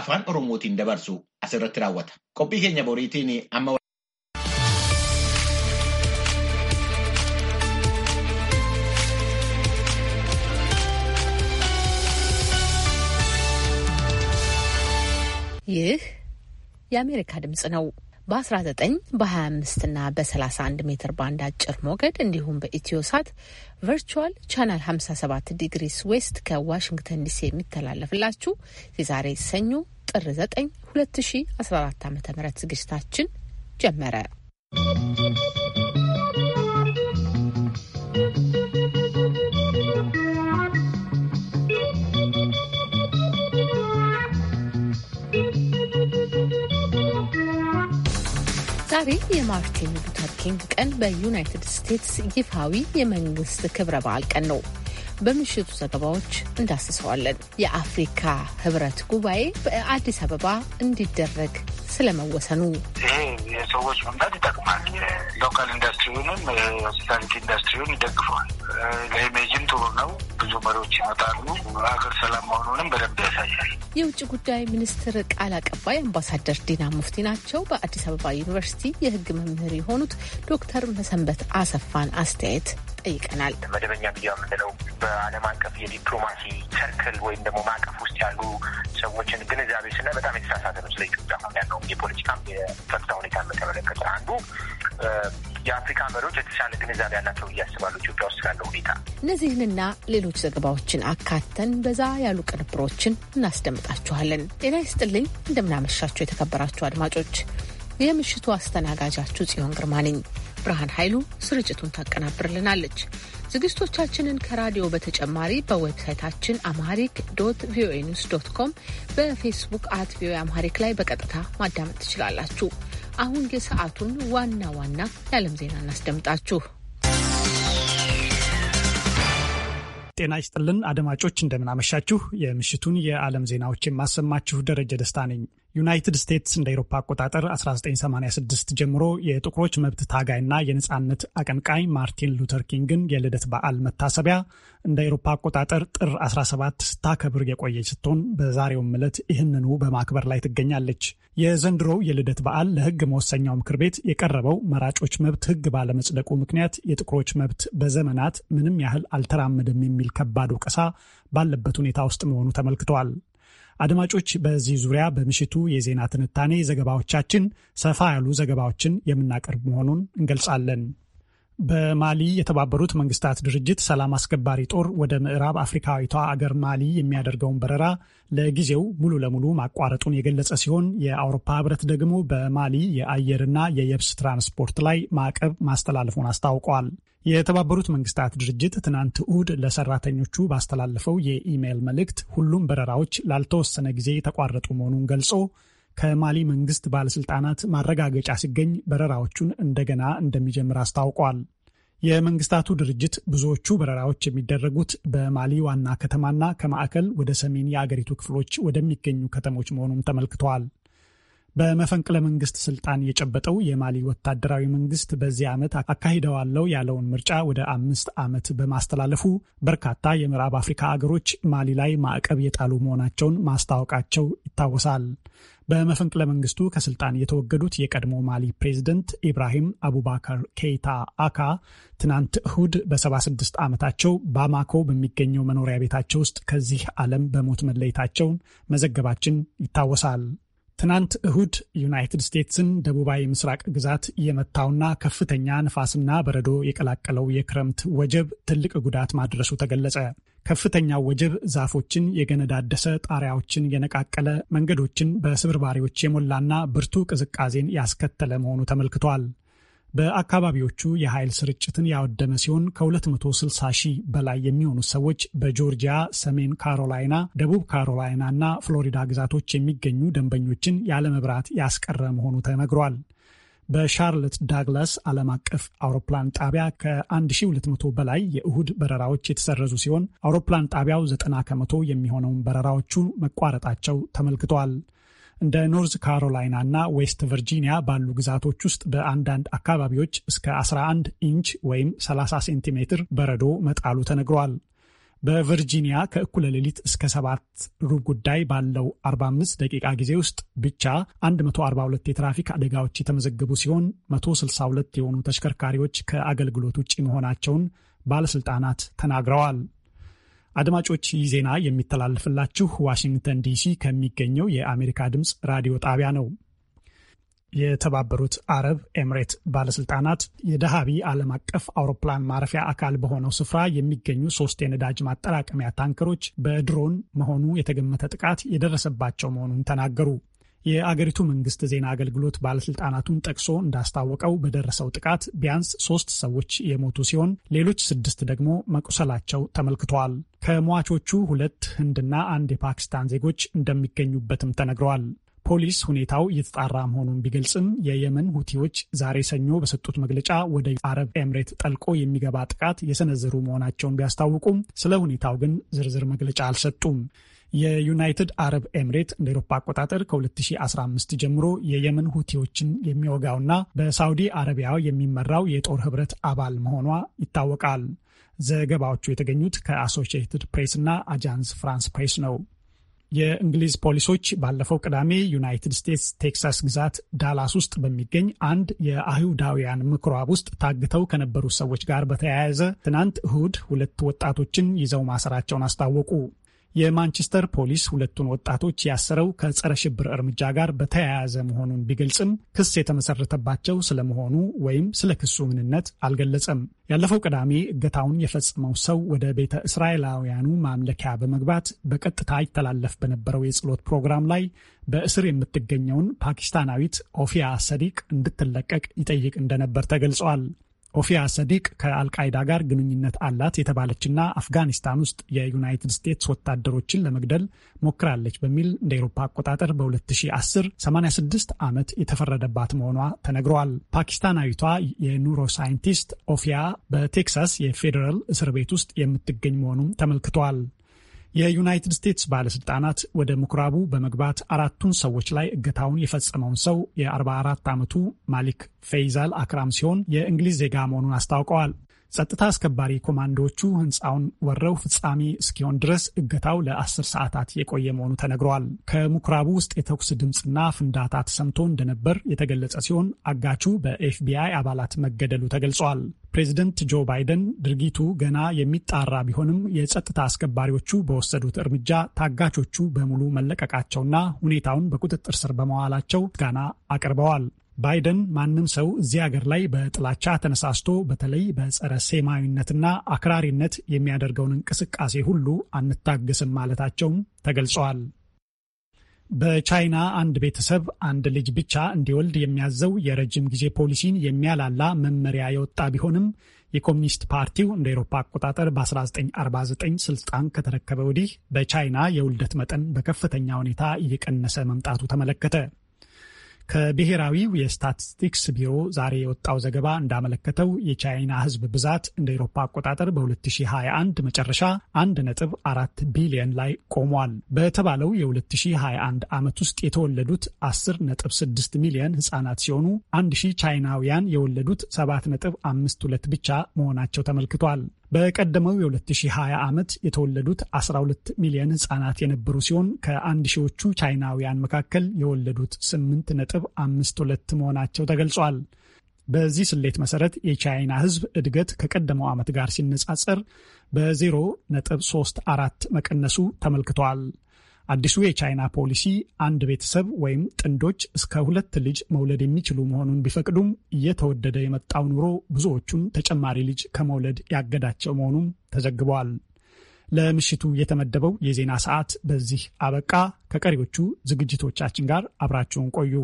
afaan Oromootiin dabarsu asirratti raawwata. Qophii keenya boriitiin amma ይህ የአሜሪካ ድምፅ ነው። በ19 በ25 እና በ31 ሜትር ባንድ አጭር ሞገድ እንዲሁም በኢትዮ ሳት ቨርቹዋል ቻናል 57 ዲግሪስ ዌስት ከዋሽንግተን ዲሲ የሚተላለፍላችሁ የዛሬ ሰኞ ጥር 9 2014 ዓ ም ዝግጅታችን ጀመረ። ዛሬ የማርቲን ሉተር ኪንግ ቀን በዩናይትድ ስቴትስ ይፋዊ የመንግስት ክብረ በዓል ቀን ነው። በምሽቱ ዘገባዎች እንዳስሰዋለን። የአፍሪካ ህብረት ጉባኤ በአዲስ አበባ እንዲደረግ ስለመወሰኑ ይሄ የሰዎች መምጣት ይጠቅማል። ሎካል ኢንዱስትሪውንም ሆስፒታሊቲ ኢንዱስትሪውን ይደግፈዋል። ለኢሜጅም ጥሩ ነው። ብዙ መሪዎች ይመጣሉ። ሀገር ሰላም መሆኑንም በደንብ ያሳያል። የውጭ ጉዳይ ሚኒስትር ቃል አቀባይ አምባሳደር ዲና ሙፍቲ ናቸው። በአዲስ አበባ ዩኒቨርሲቲ የህግ መምህር የሆኑት ዶክተር መሰንበት አሰፋን አስተያየት ጠይቀናል። መደበኛ ሚዲያ የምንለው በዓለም አቀፍ የዲፕሎማሲ ሰርክል ወይም ደግሞ ማዕቀፍ ውስጥ ያሉ ሰዎችን ግንዛቤ ስናይ በጣም የተሳሳተ ነው። ስለ ኢትዮጵያ ያለው የፖለቲካም የጸጥታ ሁኔታ በተመለከተ አንዱ የአፍሪካ መሪዎች የተሻለ ግንዛቤ ያላቸው እያስባሉ ኢትዮጵያ ውስጥ ያለው ሁኔታ። እነዚህንና ሌሎች ዘገባዎችን አካተን በዛ ያሉ ቅንብሮችን እናስደምጣችኋለን። ጤና ይስጥልኝ፣ እንደምናመሻችሁ የተከበራችሁ አድማጮች፣ የምሽቱ አስተናጋጃችሁ ጽዮን ግርማ ነኝ። ብርሃን ኃይሉ ስርጭቱን ታቀናብርልናለች። ዝግጅቶቻችንን ከራዲዮ በተጨማሪ በዌብሳይታችን አማሪክ ዶት ቪኦኤ ኒውስ ዶት ኮም፣ በፌስቡክ አት ቪኦኤ አማሪክ ላይ በቀጥታ ማዳመጥ ትችላላችሁ። አሁን የሰዓቱን ዋና ዋና የዓለም ዜና እናስደምጣችሁ። ጤና ይስጥልን አድማጮች፣ እንደምናመሻችሁ። የምሽቱን የዓለም ዜናዎች የማሰማችሁ ደረጀ ደስታ ነኝ። ዩናይትድ ስቴትስ እንደ ኤሮፓ አቆጣጠር 1986 ጀምሮ የጥቁሮች መብት ታጋይና የነፃነት አቀንቃይ ማርቲን ሉተር ኪንግን የልደት በዓል መታሰቢያ እንደ ኤሮፓ አቆጣጠር ጥር 17 ስታከብር የቆየች ስትሆን በዛሬውም ዕለት ይህንኑ በማክበር ላይ ትገኛለች። የዘንድሮው የልደት በዓል ለሕግ መወሰኛው ምክር ቤት የቀረበው መራጮች መብት ሕግ ባለመጽደቁ ምክንያት የጥቁሮች መብት በዘመናት ምንም ያህል አልተራመደም የሚል ከባድ ወቀሳ ባለበት ሁኔታ ውስጥ መሆኑ ተመልክተዋል። አድማጮች፣ በዚህ ዙሪያ በምሽቱ የዜና ትንታኔ ዘገባዎቻችን ሰፋ ያሉ ዘገባዎችን የምናቀርብ መሆኑን እንገልጻለን። በማሊ የተባበሩት መንግስታት ድርጅት ሰላም አስከባሪ ጦር ወደ ምዕራብ አፍሪካዊቷ አገር ማሊ የሚያደርገውን በረራ ለጊዜው ሙሉ ለሙሉ ማቋረጡን የገለጸ ሲሆን የአውሮፓ ህብረት ደግሞ በማሊ የአየርና የየብስ ትራንስፖርት ላይ ማዕቀብ ማስተላለፉን አስታውቋል። የተባበሩት መንግስታት ድርጅት ትናንት እሁድ ለሰራተኞቹ ባስተላለፈው የኢሜይል መልእክት ሁሉም በረራዎች ላልተወሰነ ጊዜ የተቋረጡ መሆኑን ገልጾ ከማሊ መንግስት ባለስልጣናት ማረጋገጫ ሲገኝ በረራዎቹን እንደገና እንደሚጀምር አስታውቋል። የመንግስታቱ ድርጅት ብዙዎቹ በረራዎች የሚደረጉት በማሊ ዋና ከተማና ከማዕከል ወደ ሰሜን የአገሪቱ ክፍሎች ወደሚገኙ ከተሞች መሆኑም ተመልክተዋል። በመፈንቅለ መንግስት ስልጣን የጨበጠው የማሊ ወታደራዊ መንግስት በዚህ ዓመት አካሂደዋለው ያለውን ምርጫ ወደ አምስት ዓመት በማስተላለፉ በርካታ የምዕራብ አፍሪካ አገሮች ማሊ ላይ ማዕቀብ የጣሉ መሆናቸውን ማስታወቃቸው ይታወሳል። በመፈንቅለ መንግስቱ ከስልጣን የተወገዱት የቀድሞ ማሊ ፕሬዝደንት ኢብራሂም አቡባከር ኬይታ አካ ትናንት እሁድ በ76 ዓመታቸው ባማኮ በሚገኘው መኖሪያ ቤታቸው ውስጥ ከዚህ ዓለም በሞት መለየታቸውን መዘገባችን ይታወሳል። ትናንት እሁድ ዩናይትድ ስቴትስን ደቡባዊ ምስራቅ ግዛት የመታውና ከፍተኛ ንፋስና በረዶ የቀላቀለው የክረምት ወጀብ ትልቅ ጉዳት ማድረሱ ተገለጸ። ከፍተኛው ወጀብ ዛፎችን የገነዳደሰ፣ ጣሪያዎችን የነቃቀለ፣ መንገዶችን በስብርባሪዎች የሞላና ብርቱ ቅዝቃዜን ያስከተለ መሆኑ ተመልክቷል። በአካባቢዎቹ የኃይል ስርጭትን ያወደመ ሲሆን ከ260 ሺህ በላይ የሚሆኑ ሰዎች በጆርጂያ፣ ሰሜን ካሮላይና፣ ደቡብ ካሮላይና እና ፍሎሪዳ ግዛቶች የሚገኙ ደንበኞችን ያለመብራት ያስቀረ መሆኑ ተነግሯል። በሻርለት ዳግላስ ዓለም አቀፍ አውሮፕላን ጣቢያ ከ1200 በላይ የእሁድ በረራዎች የተሰረዙ ሲሆን አውሮፕላን ጣቢያው 90 ከመቶ የሚሆነውን በረራዎቹ መቋረጣቸው ተመልክቷል። እንደ ኖርዝ ካሮላይና እና ዌስት ቨርጂኒያ ባሉ ግዛቶች ውስጥ በአንዳንድ አካባቢዎች እስከ 11 ኢንች ወይም 30 ሴንቲሜትር በረዶ መጣሉ ተነግሯል። በቨርጂኒያ ከእኩለ ሌሊት እስከ ሰባት ሩብ ጉዳይ ባለው 45 ደቂቃ ጊዜ ውስጥ ብቻ 142 የትራፊክ አደጋዎች የተመዘገቡ ሲሆን 162 የሆኑ ተሽከርካሪዎች ከአገልግሎት ውጭ መሆናቸውን ባለስልጣናት ተናግረዋል። አድማጮች ይህ ዜና የሚተላለፍላችሁ ዋሽንግተን ዲሲ ከሚገኘው የአሜሪካ ድምፅ ራዲዮ ጣቢያ ነው። የተባበሩት አረብ ኤምሬት ባለስልጣናት የደሃቢ ዓለም አቀፍ አውሮፕላን ማረፊያ አካል በሆነው ስፍራ የሚገኙ ሶስት የነዳጅ ማጠራቀሚያ ታንከሮች በድሮን መሆኑ የተገመተ ጥቃት የደረሰባቸው መሆኑን ተናገሩ። የአገሪቱ መንግስት ዜና አገልግሎት ባለስልጣናቱን ጠቅሶ እንዳስታወቀው በደረሰው ጥቃት ቢያንስ ሶስት ሰዎች የሞቱ ሲሆን ሌሎች ስድስት ደግሞ መቁሰላቸው ተመልክተዋል። ከሟቾቹ ሁለት ህንድና አንድ የፓኪስታን ዜጎች እንደሚገኙበትም ተነግረዋል። ፖሊስ ሁኔታው እየተጣራ መሆኑን ቢገልጽም የየመን ሁቲዎች ዛሬ ሰኞ በሰጡት መግለጫ ወደ አረብ ኤምሬት ጠልቆ የሚገባ ጥቃት የሰነዘሩ መሆናቸውን ቢያስታውቁም ስለ ሁኔታው ግን ዝርዝር መግለጫ አልሰጡም። የዩናይትድ አረብ ኤምሬት እንደ ኤሮፓ አቆጣጠር ከ2015 ጀምሮ የየመን ሁቲዎችን የሚወጋውና በሳውዲ አረቢያ የሚመራው የጦር ህብረት አባል መሆኗ ይታወቃል። ዘገባዎቹ የተገኙት ከአሶሺየትድ ፕሬስ እና አጃንስ ፍራንስ ፕሬስ ነው። የእንግሊዝ ፖሊሶች ባለፈው ቅዳሜ ዩናይትድ ስቴትስ ቴክሳስ ግዛት ዳላስ ውስጥ በሚገኝ አንድ የአይሁዳውያን ምኩራብ ውስጥ ታግተው ከነበሩ ሰዎች ጋር በተያያዘ ትናንት እሁድ ሁለት ወጣቶችን ይዘው ማሰራቸውን አስታወቁ። የማንቸስተር ፖሊስ ሁለቱን ወጣቶች ያሰረው ከጸረ ሽብር እርምጃ ጋር በተያያዘ መሆኑን ቢገልጽም ክስ የተመሰረተባቸው ስለመሆኑ ወይም ስለ ክሱ ምንነት አልገለጸም። ያለፈው ቅዳሜ እገታውን የፈጸመው ሰው ወደ ቤተ እስራኤላውያኑ ማምለኪያ በመግባት በቀጥታ ይተላለፍ በነበረው የጸሎት ፕሮግራም ላይ በእስር የምትገኘውን ፓኪስታናዊት ኦፊያ ሰዲቅ እንድትለቀቅ ይጠይቅ እንደነበር ተገልጿል። ኦፊያ ሰዲቅ ከአልቃይዳ ጋር ግንኙነት አላት የተባለችና አፍጋኒስታን ውስጥ የዩናይትድ ስቴትስ ወታደሮችን ለመግደል ሞክራለች በሚል እንደ ኤሮፓ አቆጣጠር በ2010 86 ዓመት የተፈረደባት መሆኗ ተነግረዋል። ፓኪስታናዊቷ የኑሮ ሳይንቲስት ኦፊያ በቴክሳስ የፌዴራል እስር ቤት ውስጥ የምትገኝ መሆኑም ተመልክቷል። የዩናይትድ ስቴትስ ባለስልጣናት ወደ ምኩራቡ በመግባት አራቱን ሰዎች ላይ እገታውን የፈጸመውን ሰው የ44 ዓመቱ ማሊክ ፈይዛል አክራም ሲሆን የእንግሊዝ ዜጋ መሆኑን አስታውቀዋል። ጸጥታ አስከባሪ ኮማንዶዎቹ ህንፃውን ወረው ፍጻሜ እስኪሆን ድረስ እገታው ለአስር ሰዓታት የቆየ መሆኑ ተነግሯል። ከምኩራቡ ውስጥ የተኩስ ድምፅና ፍንዳታ ተሰምቶ እንደነበር የተገለጸ ሲሆን አጋቹ በኤፍቢአይ አባላት መገደሉ ተገልጿል። ፕሬዚደንት ጆ ባይደን ድርጊቱ ገና የሚጣራ ቢሆንም የጸጥታ አስከባሪዎቹ በወሰዱት እርምጃ ታጋቾቹ በሙሉ መለቀቃቸውና ሁኔታውን በቁጥጥር ስር በመዋላቸው ጋና አቅርበዋል። ባይደን ማንም ሰው እዚህ ሀገር ላይ በጥላቻ ተነሳስቶ በተለይ በጸረ ሴማዊነትና አክራሪነት የሚያደርገውን እንቅስቃሴ ሁሉ አንታገስም ማለታቸውም ተገልጸዋል። በቻይና አንድ ቤተሰብ አንድ ልጅ ብቻ እንዲወልድ የሚያዘው የረጅም ጊዜ ፖሊሲን የሚያላላ መመሪያ የወጣ ቢሆንም የኮሚኒስት ፓርቲው እንደ ኤሮፓ አቆጣጠር በ1949 ስልጣን ከተረከበ ወዲህ በቻይና የውልደት መጠን በከፍተኛ ሁኔታ እየቀነሰ መምጣቱ ተመለከተ። ከብሔራዊው የስታቲስቲክስ ቢሮ ዛሬ የወጣው ዘገባ እንዳመለከተው የቻይና ሕዝብ ብዛት እንደ ኤሮፓ አቆጣጠር በ2021 መጨረሻ 1.4 ቢሊዮን ላይ ቆሟል። በተባለው የ2021 ዓመት ውስጥ የተወለዱት 10.6 ሚሊዮን ህጻናት ሲሆኑ 1000 ቻይናውያን የወለዱት 7.52 ብቻ መሆናቸው ተመልክቷል። በቀደመው የ2020 ዓመት የተወለዱት 12 ሚሊዮን ህጻናት የነበሩ ሲሆን ከአንድ ሺዎቹ ቻይናውያን መካከል የወለዱት 8 ነጥብ 52 መሆናቸው ተገልጿል። በዚህ ስሌት መሰረት የቻይና ህዝብ እድገት ከቀደመው ዓመት ጋር ሲነጻጸር በ0 ነጥብ 34 መቀነሱ ተመልክቷል። አዲሱ የቻይና ፖሊሲ አንድ ቤተሰብ ወይም ጥንዶች እስከ ሁለት ልጅ መውለድ የሚችሉ መሆኑን ቢፈቅዱም እየተወደደ የመጣው ኑሮ ብዙዎቹን ተጨማሪ ልጅ ከመውለድ ያገዳቸው መሆኑም ተዘግበዋል። ለምሽቱ የተመደበው የዜና ሰዓት በዚህ አበቃ። ከቀሪዎቹ ዝግጅቶቻችን ጋር አብራችሁን ቆዩ።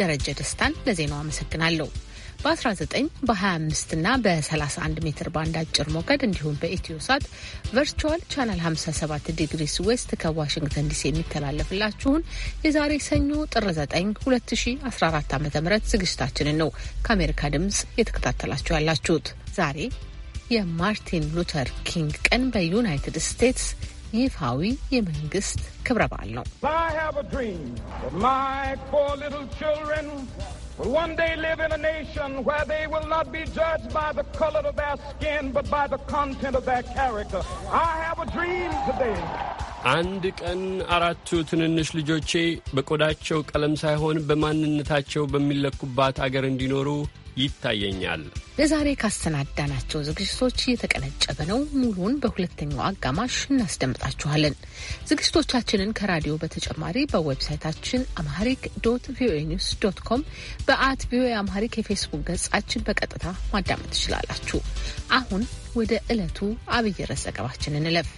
ደረጀ ደስታን ለዜናው አመሰግናለሁ። በ19 በ25 እና በ31 ሜትር ባንድ አጭር ሞገድ እንዲሁም በኢትዮ ሳት ቨርቹዋል ቻናል 57 ዲግሪስ ዌስት ከዋሽንግተን ዲሲ የሚተላለፍላችሁን የዛሬ ሰኞ ጥር 9 2014 ዓ ም ዝግጅታችንን ነው ከአሜሪካ ድምፅ የተከታተላችሁ ያላችሁት። ዛሬ የማርቲን ሉተር ኪንግ ቀን በዩናይትድ ስቴትስ ይፋዊ የመንግስት ክብረ በዓል ነው። አንድ ቀን አራቱ ትንንሽ ልጆቼ በቆዳቸው ቀለም ሳይሆን በማንነታቸው በሚለኩባት አገር እንዲኖሩ ይታየኛል። ለዛሬ ካሰናዳናቸው ዝግጅቶች የተቀነጨበ ነው። ሙሉን በሁለተኛው አጋማሽ እናስደምጣችኋለን። ዝግጅቶቻችንን ከራዲዮ በተጨማሪ በዌብሳይታችን አምሃሪክ ዶት ቪኦኤ ኒውስ ዶት ኮም፣ በአት ቪኦኤ አምሃሪክ የፌስቡክ ገጻችን በቀጥታ ማዳመጥ ትችላላችሁ። አሁን ወደ ዕለቱ አብይ ርዕስ ዘገባችን እንለፍ።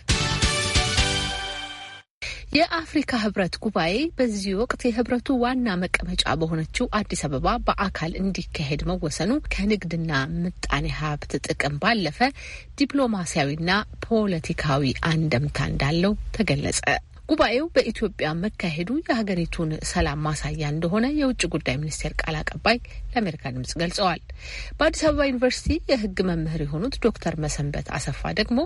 የአፍሪካ ህብረት ጉባኤ በዚህ ወቅት የህብረቱ ዋና መቀመጫ በሆነችው አዲስ አበባ በአካል እንዲካሄድ መወሰኑ ከንግድና ምጣኔ ሀብት ጥቅም ባለፈ ዲፕሎማሲያዊና ፖለቲካዊ አንደምታ እንዳለው ተገለጸ። ጉባኤው በኢትዮጵያ መካሄዱ የሀገሪቱን ሰላም ማሳያ እንደሆነ የውጭ ጉዳይ ሚኒስቴር ቃል አቀባይ ለአሜሪካ ድምጽ ገልጸዋል። በአዲስ አበባ ዩኒቨርሲቲ የሕግ መምህር የሆኑት ዶክተር መሰንበት አሰፋ ደግሞ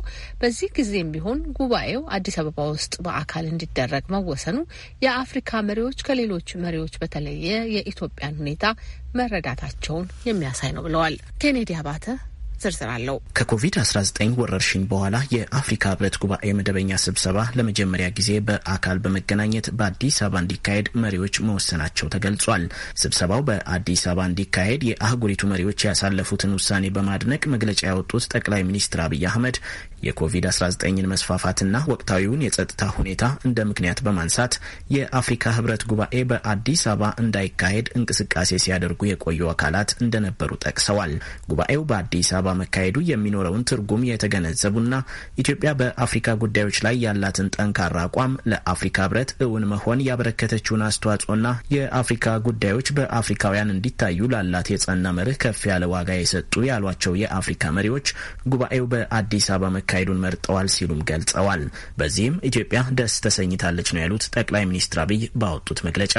በዚህ ጊዜም ቢሆን ጉባኤው አዲስ አበባ ውስጥ በአካል እንዲደረግ መወሰኑ የአፍሪካ መሪዎች ከሌሎች መሪዎች በተለየ የኢትዮጵያን ሁኔታ መረዳታቸውን የሚያሳይ ነው ብለዋል። ኬኔዲ አባተ ዝርዝር አለው። ከኮቪድ-19 ወረርሽኝ በኋላ የአፍሪካ ህብረት ጉባኤ መደበኛ ስብሰባ ለመጀመሪያ ጊዜ በአካል በመገናኘት በአዲስ አበባ እንዲካሄድ መሪዎች መወሰናቸው ተገልጿል። ስብሰባው በአዲስ አበባ እንዲካሄድ የአህጉሪቱ መሪዎች ያሳለፉትን ውሳኔ በማድነቅ መግለጫ ያወጡት ጠቅላይ ሚኒስትር አብይ አህመድ የኮቪድ-19ን መስፋፋትና ወቅታዊውን የጸጥታ ሁኔታ እንደ ምክንያት በማንሳት የአፍሪካ ህብረት ጉባኤ በአዲስ አበባ እንዳይካሄድ እንቅስቃሴ ሲያደርጉ የቆዩ አካላት እንደነበሩ ጠቅሰዋል። ጉባኤው በአዲስ አበባ ስብሰባ መካሄዱ የሚኖረውን ትርጉም የተገነዘቡና ኢትዮጵያ በአፍሪካ ጉዳዮች ላይ ያላትን ጠንካራ አቋም ለአፍሪካ ህብረት እውን መሆን ያበረከተችውን አስተዋጽኦና የአፍሪካ ጉዳዮች በአፍሪካውያን እንዲታዩ ላላት የጸና መርህ ከፍ ያለ ዋጋ የሰጡ ያሏቸው የአፍሪካ መሪዎች ጉባኤው በአዲስ አበባ መካሄዱን መርጠዋል ሲሉም ገልጸዋል። በዚህም ኢትዮጵያ ደስ ተሰኝታለች ነው ያሉት ጠቅላይ ሚኒስትር አብይ ባወጡት መግለጫ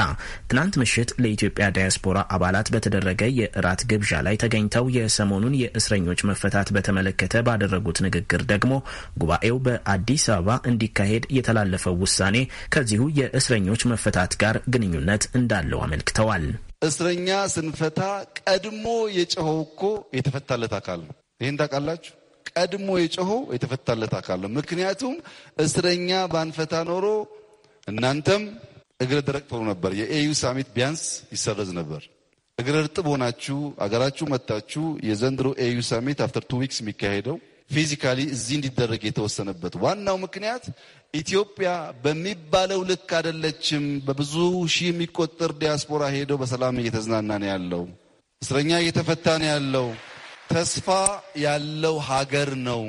ትናንት ምሽት ለኢትዮጵያ ዲያስፖራ አባላት በተደረገ የእራት ግብዣ ላይ ተገኝተው የሰሞኑን የእስረኞች እስረኞች መፈታት በተመለከተ ባደረጉት ንግግር ደግሞ ጉባኤው በአዲስ አበባ እንዲካሄድ የተላለፈው ውሳኔ ከዚሁ የእስረኞች መፈታት ጋር ግንኙነት እንዳለው አመልክተዋል። እስረኛ ስንፈታ ቀድሞ የጮኸው እኮ የተፈታለት አካል ነው። ይህን ታውቃላችሁ። ቀድሞ የጮኸው የተፈታለት አካል ነው። ምክንያቱም እስረኛ ባንፈታ ኖሮ እናንተም እግረ ደረቅ ትሆኑ ነበር። የኤዩ ሳሚት ቢያንስ ይሰረዝ ነበር። እግር እርጥብ ሆናችሁ አገራችሁ መታችሁ የዘንድሮ ኤዩ ሳሚት አፍተር ቱ ዊክስ የሚካሄደው ፊዚካሊ እዚህ እንዲደረግ የተወሰነበት ዋናው ምክንያት ኢትዮጵያ በሚባለው ልክ አይደለችም። በብዙ ሺህ የሚቆጠር ዲያስፖራ ሄዶ በሰላም እየተዝናና ነው ያለው። እስረኛ እየተፈታ ነው ያለው። ተስፋ ያለው ሀገር ነው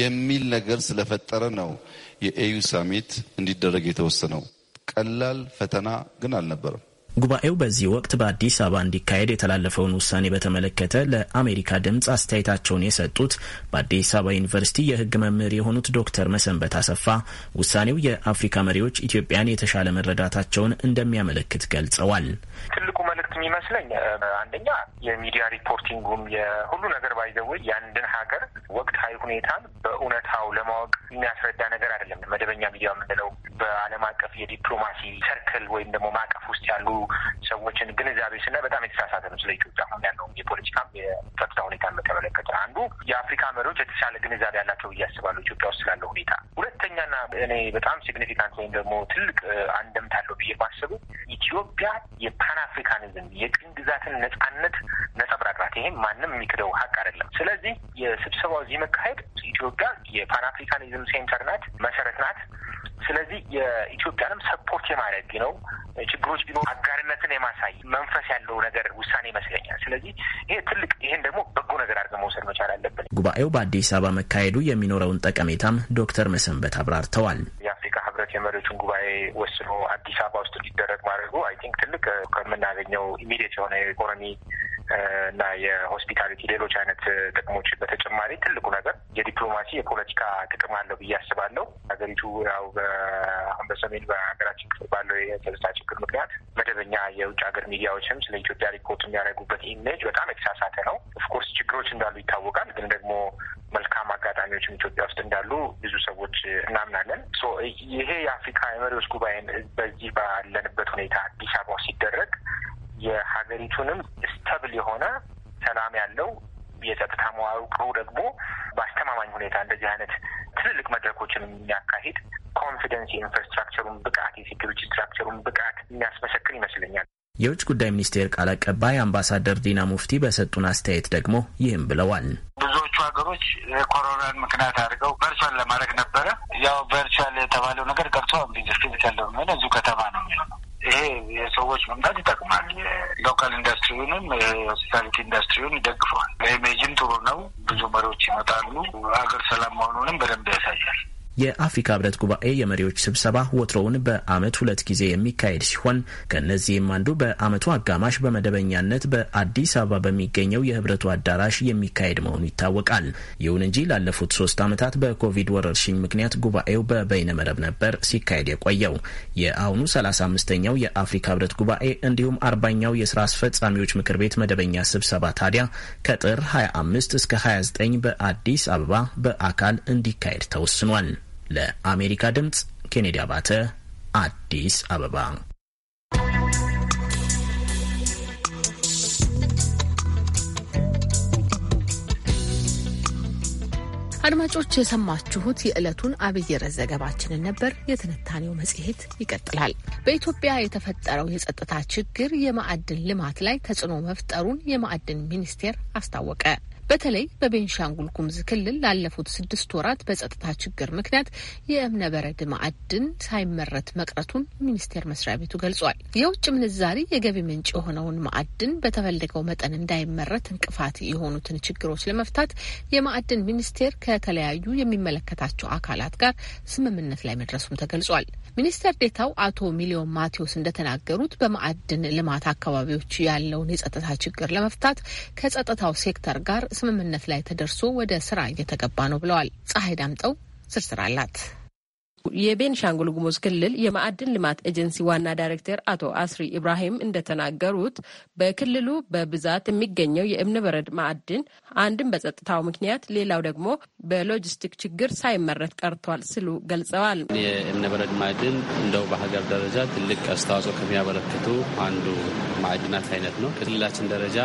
የሚል ነገር ስለፈጠረ ነው የኤዩ ሳሚት እንዲደረግ የተወሰነው። ቀላል ፈተና ግን አልነበረም። ጉባኤው በዚህ ወቅት በአዲስ አበባ እንዲካሄድ የተላለፈውን ውሳኔ በተመለከተ ለአሜሪካ ድምፅ አስተያየታቸውን የሰጡት በአዲስ አበባ ዩኒቨርሲቲ የሕግ መምህር የሆኑት ዶክተር መሰንበት አሰፋ ውሳኔው የአፍሪካ መሪዎች ኢትዮጵያን የተሻለ መረዳታቸውን እንደሚያመለክት ገልጸዋል። ትልቁ መልእክት የሚመስለኝ አንደኛ የሚዲያ ሪፖርቲንጉም የሁሉ ነገር ባይዘው የአንድን ሀገር ወቅታዊ ሁኔታን በእውነታው ለማወቅ የሚያስረዳ ነገር አይደለም። መደበኛ ሚዲያ የምንለው በዓለም አቀፍ የዲፕሎማሲ ሰርክል ወይም ደግሞ ማዕቀፍ ውስጥ ያሉ ሰዎችን ግንዛቤ ስናይ በጣም የተሳሳተ ነው። ስለ ኢትዮጵያ አሁን ያለው የፖለቲካም የጸጥታ ሁኔታ በተመለከተ አንዱ የአፍሪካ መሪዎች የተሻለ ግንዛቤ ያላቸው ብዬ አስባለሁ ኢትዮጵያ ውስጥ ስላለው ሁኔታ። ሁለተኛና እኔ በጣም ሲግኒፊካንት ወይም ደግሞ ትልቅ አንደምታ አለው ብዬ ማስቡ ኢትዮጵያ የፓን አፍሪካኒዝም የቅኝ ግዛትን ነጻነት ነጸብራቅ ናት። ይሄም ማንም የሚክደው ሀቅ አይደለም። ስለዚህ የስብሰባው እዚህ መካሄድ ኢትዮጵያ የፓን አፍሪካኒዝም ሴንተር ናት፣ መሰረት ናት። ስለዚህ የኢትዮጵያንም ሰፖርት የማድረግ ነው ችግሮች ቢኖር አጋርነትን የማሳይ መንፈስ ያለው ነገር ውሳኔ ይመስለኛል። ስለዚህ ይሄ ትልቅ ይህን ደግሞ በጎ ነገር አድርገን መውሰድ መቻል አለብን። ጉባኤው በአዲስ አበባ መካሄዱ የሚኖረውን ጠቀሜታም ዶክተር መሰንበት አብራርተዋል። የአፍሪካ ህብረት የመሪዎቹን ጉባኤ ወስኖ አዲስ አበባ ውስጥ እንዲደረግ ማድረጉ አይ ቲንክ ትልቅ ከምናገኘው ኢሚዲየት የሆነ የኢኮኖሚ እና የሆስፒታሊቲ ሌሎች አይነት ጥቅሞች በተጨማሪ ትልቁ ነገር የዲፕሎማሲ የፖለቲካ ጥቅም አለው ብዬ አስባለሁ። ሀገሪቱ ያው አሁን በሰሜን በሀገራችን ክፍል ባለው የጸጥታ ችግር ምክንያት መደበኛ የውጭ ሀገር ሚዲያዎችም ስለ ኢትዮጵያ ሪፖርት የሚያደርጉበት ኢሜጅ በጣም የተሳሳተ ነው። ኦፍኮርስ ችግሮች እንዳሉ ይታወቃል። ግን ደግሞ መልካም አጋጣሚዎችም ኢትዮጵያ ውስጥ እንዳሉ ብዙ ሰዎች እናምናለን። ይሄ የአፍሪካ የመሪዎች ጉባኤን በዚህ ባለንበት ሁኔታ አዲስ አበባ ሲደረግ የሀገሪቱንም ስተብል የሆነ ሰላም ያለው የጸጥታ መዋቅሩ ደግሞ በአስተማማኝ ሁኔታ እንደዚህ አይነት ትልልቅ መድረኮችን የሚያካሂድ ኮንፊደንስ የኢንፍራስትራክቸሩን ብቃት የሴኪሪቲ ስትራክቸሩን ብቃት የሚያስመሰክር ይመስለኛል። የውጭ ጉዳይ ሚኒስቴር ቃል አቀባይ አምባሳደር ዲና ሙፍቲ በሰጡን አስተያየት ደግሞ ይህም ብለዋል። ብዙዎቹ ሀገሮች ኮሮናን ምክንያት አድርገው ቨርቹዋል ለማድረግ ነበረ። ያው ቨርቹዋል የተባለው ነገር ቀርቶ ዲስክሪት ያለው እዚሁ ከተማ ነው የሚሆነው ይሄ የሰዎች መምጣት ይጠቅማል። ሎካል ኢንዱስትሪውንም የሆስፒታሊቲ ኢንዱስትሪውን ይደግፈዋል። ለኢሜጅም ጥሩ ነው። ብዙ መሪዎች ይመጣሉ። ሀገር ሰላም መሆኑንም በደንብ ያሳያል። የአፍሪካ ህብረት ጉባኤ የመሪዎች ስብሰባ ወትሮውን በአመት ሁለት ጊዜ የሚካሄድ ሲሆን ከእነዚህም አንዱ በአመቱ አጋማሽ በመደበኛነት በአዲስ አበባ በሚገኘው የህብረቱ አዳራሽ የሚካሄድ መሆኑ ይታወቃል። ይሁን እንጂ ላለፉት ሶስት ዓመታት በኮቪድ ወረርሽኝ ምክንያት ጉባኤው በበይነመረብ ነበር ሲካሄድ የቆየው። የአሁኑ 35ኛው የአፍሪካ ህብረት ጉባኤ እንዲሁም አርባኛው የስራ አስፈጻሚዎች ምክር ቤት መደበኛ ስብሰባ ታዲያ ከጥር 25 እስከ 29 በአዲስ አበባ በአካል እንዲካሄድ ተወስኗል። ለአሜሪካ ድምፅ ኬኔዲ አባተ አዲስ አበባ። አድማጮች የሰማችሁት የዕለቱን አብይ ርዕስ ዘገባችንን ነበር። የትንታኔው መጽሔት ይቀጥላል። በኢትዮጵያ የተፈጠረው የጸጥታ ችግር የማዕድን ልማት ላይ ተጽዕኖ መፍጠሩን የማዕድን ሚኒስቴር አስታወቀ። በተለይ በቤንሻንጉል ጉሙዝ ክልል ላለፉት ስድስት ወራት በጸጥታ ችግር ምክንያት የእብነበረድ ማዕድን ሳይመረት መቅረቱን ሚኒስቴር መስሪያ ቤቱ ገልጿል። የውጭ ምንዛሪ የገቢ ምንጭ የሆነውን ማዕድን በተፈለገው መጠን እንዳይመረት እንቅፋት የሆኑትን ችግሮች ለመፍታት የማዕድን ሚኒስቴር ከተለያዩ የሚመለከታቸው አካላት ጋር ስምምነት ላይ መድረሱም ተገልጿል። ሚኒስቴር ዴታው አቶ ሚሊዮን ማቴዎስ እንደተናገሩት በማዕድን ልማት አካባቢዎች ያለውን የጸጥታ ችግር ለመፍታት ከጸጥታው ሴክተር ጋር ስምምነት ላይ ተደርሶ ወደ ስራ እየተገባ ነው ብለዋል። ፀሐይ ዳምጠው ዝርዝር አላት። የቤንሻንጉል ጉሙዝ ክልል የማዕድን ልማት ኤጀንሲ ዋና ዳይሬክተር አቶ አስሪ ኢብራሂም እንደተናገሩት በክልሉ በብዛት የሚገኘው የእብነ በረድ ማዕድን አንድም በጸጥታው ምክንያት፣ ሌላው ደግሞ በሎጂስቲክ ችግር ሳይመረት ቀርቷል ሲሉ ገልጸዋል። የእብነ በረድ ማዕድን እንደው በሀገር ደረጃ ትልቅ አስተዋጽኦ ከሚያበረክቱ አንዱ ማዕድናት አይነት ነው። ክልላችን ደረጃ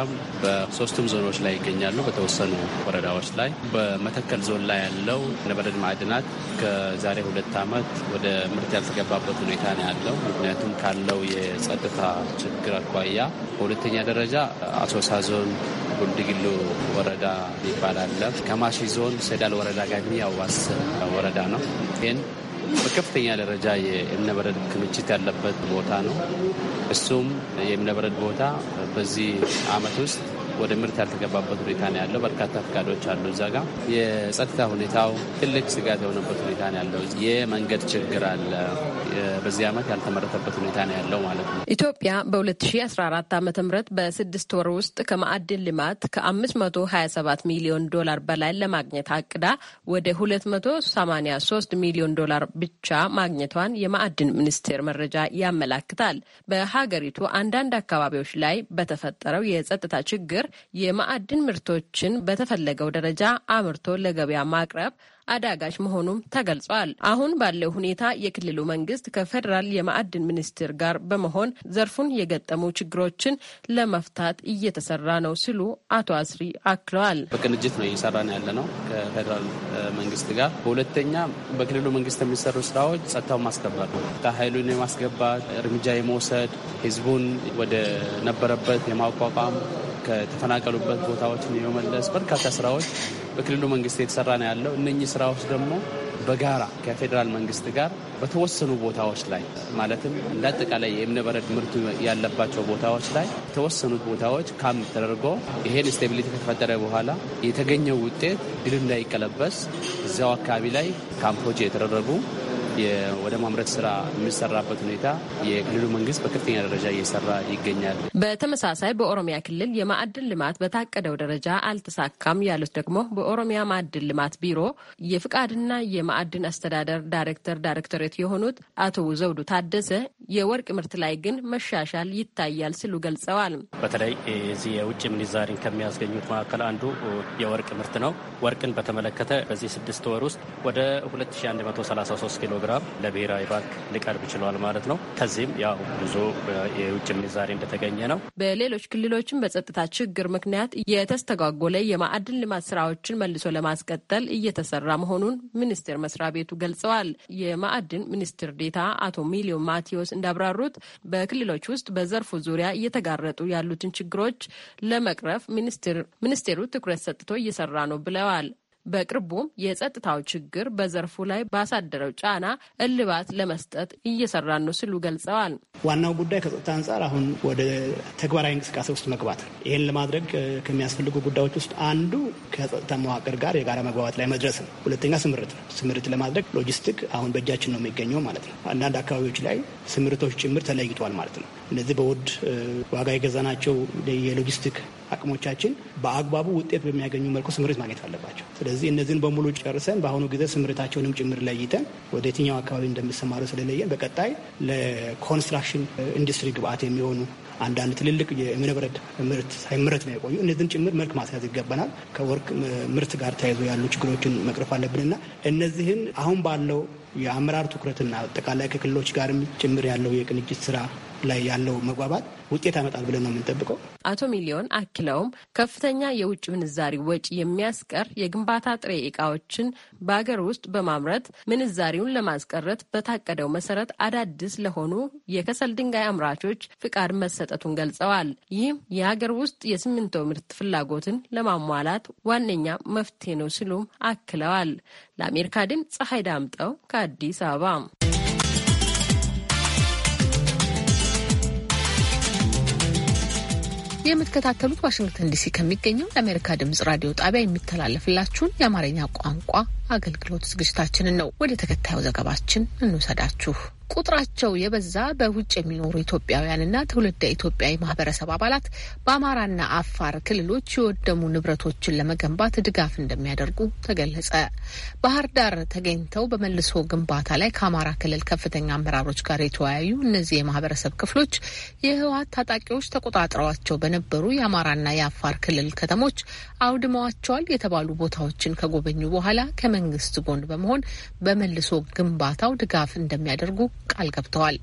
በሶስቱም ዞኖች ላይ ይገኛሉ። በተወሰኑ ወረዳዎች ላይ በመተከል ዞን ላይ ያለው እብነበረድ ማዕድናት ከዛሬ ሁለት ዓመት ወደ ምርት ያልተገባበት ሁኔታ ነው ያለው። ምክንያቱም ካለው የጸጥታ ችግር አኳያ። በሁለተኛ ደረጃ አሶሳ ዞን ጉልድግሎ ወረዳ ይባላል። ከማሺ ዞን ሴዳል ወረዳ ጋር የሚያዋስ ወረዳ ነው። ይህን በከፍተኛ ደረጃ የእብነበረድ ክምችት ያለበት ቦታ ነው። እሱም የእብነበረድ ቦታ በዚህ ዓመት ውስጥ ወደ ምርት ያልተገባበት ሁኔታ ነው ያለው። በርካታ ፍቃዶች አሉ እዛ ጋ። የጸጥታ ሁኔታው ትልቅ ስጋት የሆነበት ሁኔታ ነው ያለው። የመንገድ ችግር አለ። በዚህ ዓመት ያልተመረተበት ሁኔታ ነው ያለው ማለት ነው። ኢትዮጵያ በ2014 ዓ ም በስድስት ወር ውስጥ ከማዕድን ልማት ከ527 ሚሊዮን ዶላር በላይ ለማግኘት አቅዳ ወደ 283 ሚሊዮን ዶላር ብቻ ማግኘቷን የማዕድን ሚኒስቴር መረጃ ያመላክታል። በሀገሪቱ አንዳንድ አካባቢዎች ላይ በተፈጠረው የጸጥታ ችግር የማዕድን ምርቶችን በተፈለገው ደረጃ አምርቶ ለገበያ ማቅረብ አዳጋች መሆኑም ተገልጿል። አሁን ባለው ሁኔታ የክልሉ መንግስት ከፌዴራል የማዕድን ሚኒስቴር ጋር በመሆን ዘርፉን የገጠሙ ችግሮችን ለመፍታት እየተሰራ ነው ሲሉ አቶ አስሪ አክለዋል። በቅንጅት ነው እየሰራ ነው ያለ ነው ከፌዴራል መንግስት ጋር። በሁለተኛ በክልሉ መንግስት የሚሰሩ ስራዎች ጸጥታው ማስከበር ነው። ኃይሉን የማስገባት እርምጃ የመውሰድ ህዝቡን ወደ ነበረበት የማቋቋም ከተፈናቀሉበት ቦታዎችን የመመለስ በርካታ ስራዎች በክልሉ መንግስት የተሰራ ነው ያለው። እነኚህ ስራዎች ደግሞ በጋራ ከፌዴራል መንግስት ጋር በተወሰኑ ቦታዎች ላይ ማለትም እንደ አጠቃላይ የእብነበረድ ምርቱ ያለባቸው ቦታዎች ላይ የተወሰኑት ቦታዎች ካምፕ ተደርጎ ይሄን ስቴቢሊቲ ከተፈጠረ በኋላ የተገኘው ውጤት ድል እንዳይቀለበስ እዚያው አካባቢ ላይ ካምፖች የተደረጉ ወደ ማምረት ስራ የሚሰራበት ሁኔታ የክልሉ መንግስት በከፍተኛ ደረጃ እየሰራ ይገኛል። በተመሳሳይ በኦሮሚያ ክልል የማዕድን ልማት በታቀደው ደረጃ አልተሳካም ያሉት ደግሞ በኦሮሚያ ማዕድን ልማት ቢሮ የፍቃድና የማዕድን አስተዳደር ዳይሬክተር ዳይሬክቶሬት የሆኑት አቶ ዘውዱ ታደሰ የወርቅ ምርት ላይ ግን መሻሻል ይታያል ሲሉ ገልጸዋል። በተለይ እዚህ የውጭ ምንዛሪን ከሚያስገኙት መካከል አንዱ የወርቅ ምርት ነው። ወርቅን በተመለከተ በዚህ ስድስት ወር ውስጥ ወደ 2133 ኪሎ ፕሮግራም ለብሔራዊ ባንክ ሊቀርብ ችሏል ማለት ነው። ከዚህም ያው ብዙ የውጭ ምንዛሬ እንደተገኘ ነው። በሌሎች ክልሎችም በጸጥታ ችግር ምክንያት የተስተጓጎለ የማዕድን ልማት ስራዎችን መልሶ ለማስቀጠል እየተሰራ መሆኑን ሚኒስቴር መስሪያ ቤቱ ገልጸዋል። የማዕድን ሚኒስትር ዴታ አቶ ሚሊዮን ማቴዎስ እንዳብራሩት በክልሎች ውስጥ በዘርፉ ዙሪያ እየተጋረጡ ያሉትን ችግሮች ለመቅረፍ ሚኒስቴሩ ትኩረት ሰጥቶ እየሰራ ነው ብለዋል። በቅርቡም የጸጥታው ችግር በዘርፉ ላይ ባሳደረው ጫና እልባት ለመስጠት እየሰራን ነው ሲሉ ገልጸዋል። ዋናው ጉዳይ ከጸጥታ አንጻር አሁን ወደ ተግባራዊ እንቅስቃሴ ውስጥ መግባት፣ ይህን ለማድረግ ከሚያስፈልጉ ጉዳዮች ውስጥ አንዱ ከጸጥታ መዋቅር ጋር የጋራ መግባባት ላይ መድረስ ነው። ሁለተኛ ስምርት ነው። ስምርት ለማድረግ ሎጂስቲክ አሁን በእጃችን ነው የሚገኘው ማለት ነው። አንዳንድ አካባቢዎች ላይ ስምርቶች ጭምር ተለይቷል ማለት ነው። እነዚህ በውድ ዋጋ የገዛናቸው የሎጂስቲክ አቅሞቻችን በአግባቡ ውጤት በሚያገኙ መልኩ ስምሪት ማግኘት አለባቸው። ስለዚህ እነዚህን በሙሉ ጨርሰን በአሁኑ ጊዜ ስምሪታቸውንም ጭምር ለይተን ወደ የትኛው አካባቢ እንደሚሰማሩ ስለለየን በቀጣይ ለኮንስትራክሽን ኢንዱስትሪ ግብአት የሚሆኑ አንዳንድ ትልልቅ የእብነበረድ ምርት ሳይመረት ነው የቆዩ። እነዚህን ጭምር መልክ ማስያዝ ይገባናል። ከወርቅ ምርት ጋር ተያይዞ ያሉ ችግሮችን መቅረፍ አለብንና እነዚህን አሁን ባለው የአመራር ትኩረትና አጠቃላይ ከክልሎች ጋርም ጭምር ያለው የቅንጅት ስራ ላይ ያለው መግባባት ውጤት ያመጣል ብለን ነው የምንጠብቀው። አቶ ሚሊዮን አክለውም ከፍተኛ የውጭ ምንዛሪ ወጪ የሚያስቀር የግንባታ ጥሬ እቃዎችን በሀገር ውስጥ በማምረት ምንዛሪውን ለማስቀረት በታቀደው መሰረት አዳዲስ ለሆኑ የከሰል ድንጋይ አምራቾች ፍቃድ መሰጠቱን ገልጸዋል። ይህም የሀገር ውስጥ የሲሚንቶ ምርት ፍላጎትን ለማሟላት ዋነኛ መፍትሄ ነው ሲሉም አክለዋል። ለአሜሪካ ድምፅ ፀሐይ ዳምጠው ከአዲስ አበባ የምትከታተሉት ዋሽንግተን ዲሲ ከሚገኘው የአሜሪካ ድምጽ ራዲዮ ጣቢያ የሚተላለፍላችሁን የአማርኛ ቋንቋ አገልግሎት ዝግጅታችንን ነው። ወደ ተከታዩ ዘገባችን እንውሰዳችሁ። ቁጥራቸው የበዛ በውጭ የሚኖሩ ኢትዮጵያውያንና ትውልደ ኢትዮጵያዊ ማህበረሰብ አባላት በአማራና አፋር ክልሎች የወደሙ ንብረቶችን ለመገንባት ድጋፍ እንደሚያደርጉ ተገለጸ። ባህር ዳር ተገኝተው በመልሶ ግንባታ ላይ ከአማራ ክልል ከፍተኛ አመራሮች ጋር የተወያዩ እነዚህ የማህበረሰብ ክፍሎች የህወሀት ታጣቂዎች ተቆጣጥረዋቸው በነበሩ የአማራና የአፋር ክልል ከተሞች አውድመዋቸዋል የተባሉ ቦታዎችን ከጎበኙ በኋላ ከመ ከመንግስት ጎን በመሆን በመልሶ ግንባታው ድጋፍ እንደሚያደርጉ ቃል ገብተዋል።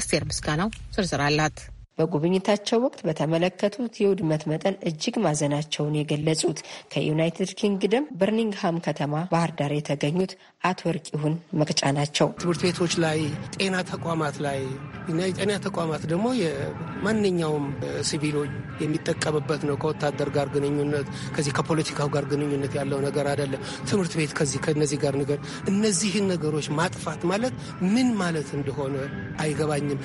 አስቴር ምስጋናው ዝርዝር አላት። በጉብኝታቸው ወቅት በተመለከቱት የውድመት መጠን እጅግ ማዘናቸውን የገለጹት ከዩናይትድ ኪንግደም በርኒንግሃም ከተማ ባህር ዳር የተገኙት አቶ ወርቅሁን መቅጫ ናቸው። ትምህርት ቤቶች ላይ፣ ጤና ተቋማት ላይ የጤና ተቋማት ደግሞ ማንኛውም ሲቪሎች የሚጠቀምበት ነው። ከወታደር ጋር ግንኙነት ከዚህ ከፖለቲካው ጋር ግንኙነት ያለው ነገር አይደለም። ትምህርት ቤት ከዚህ ከነዚህ ጋር ነገር እነዚህን ነገሮች ማጥፋት ማለት ምን ማለት እንደሆነ አይገባኝም።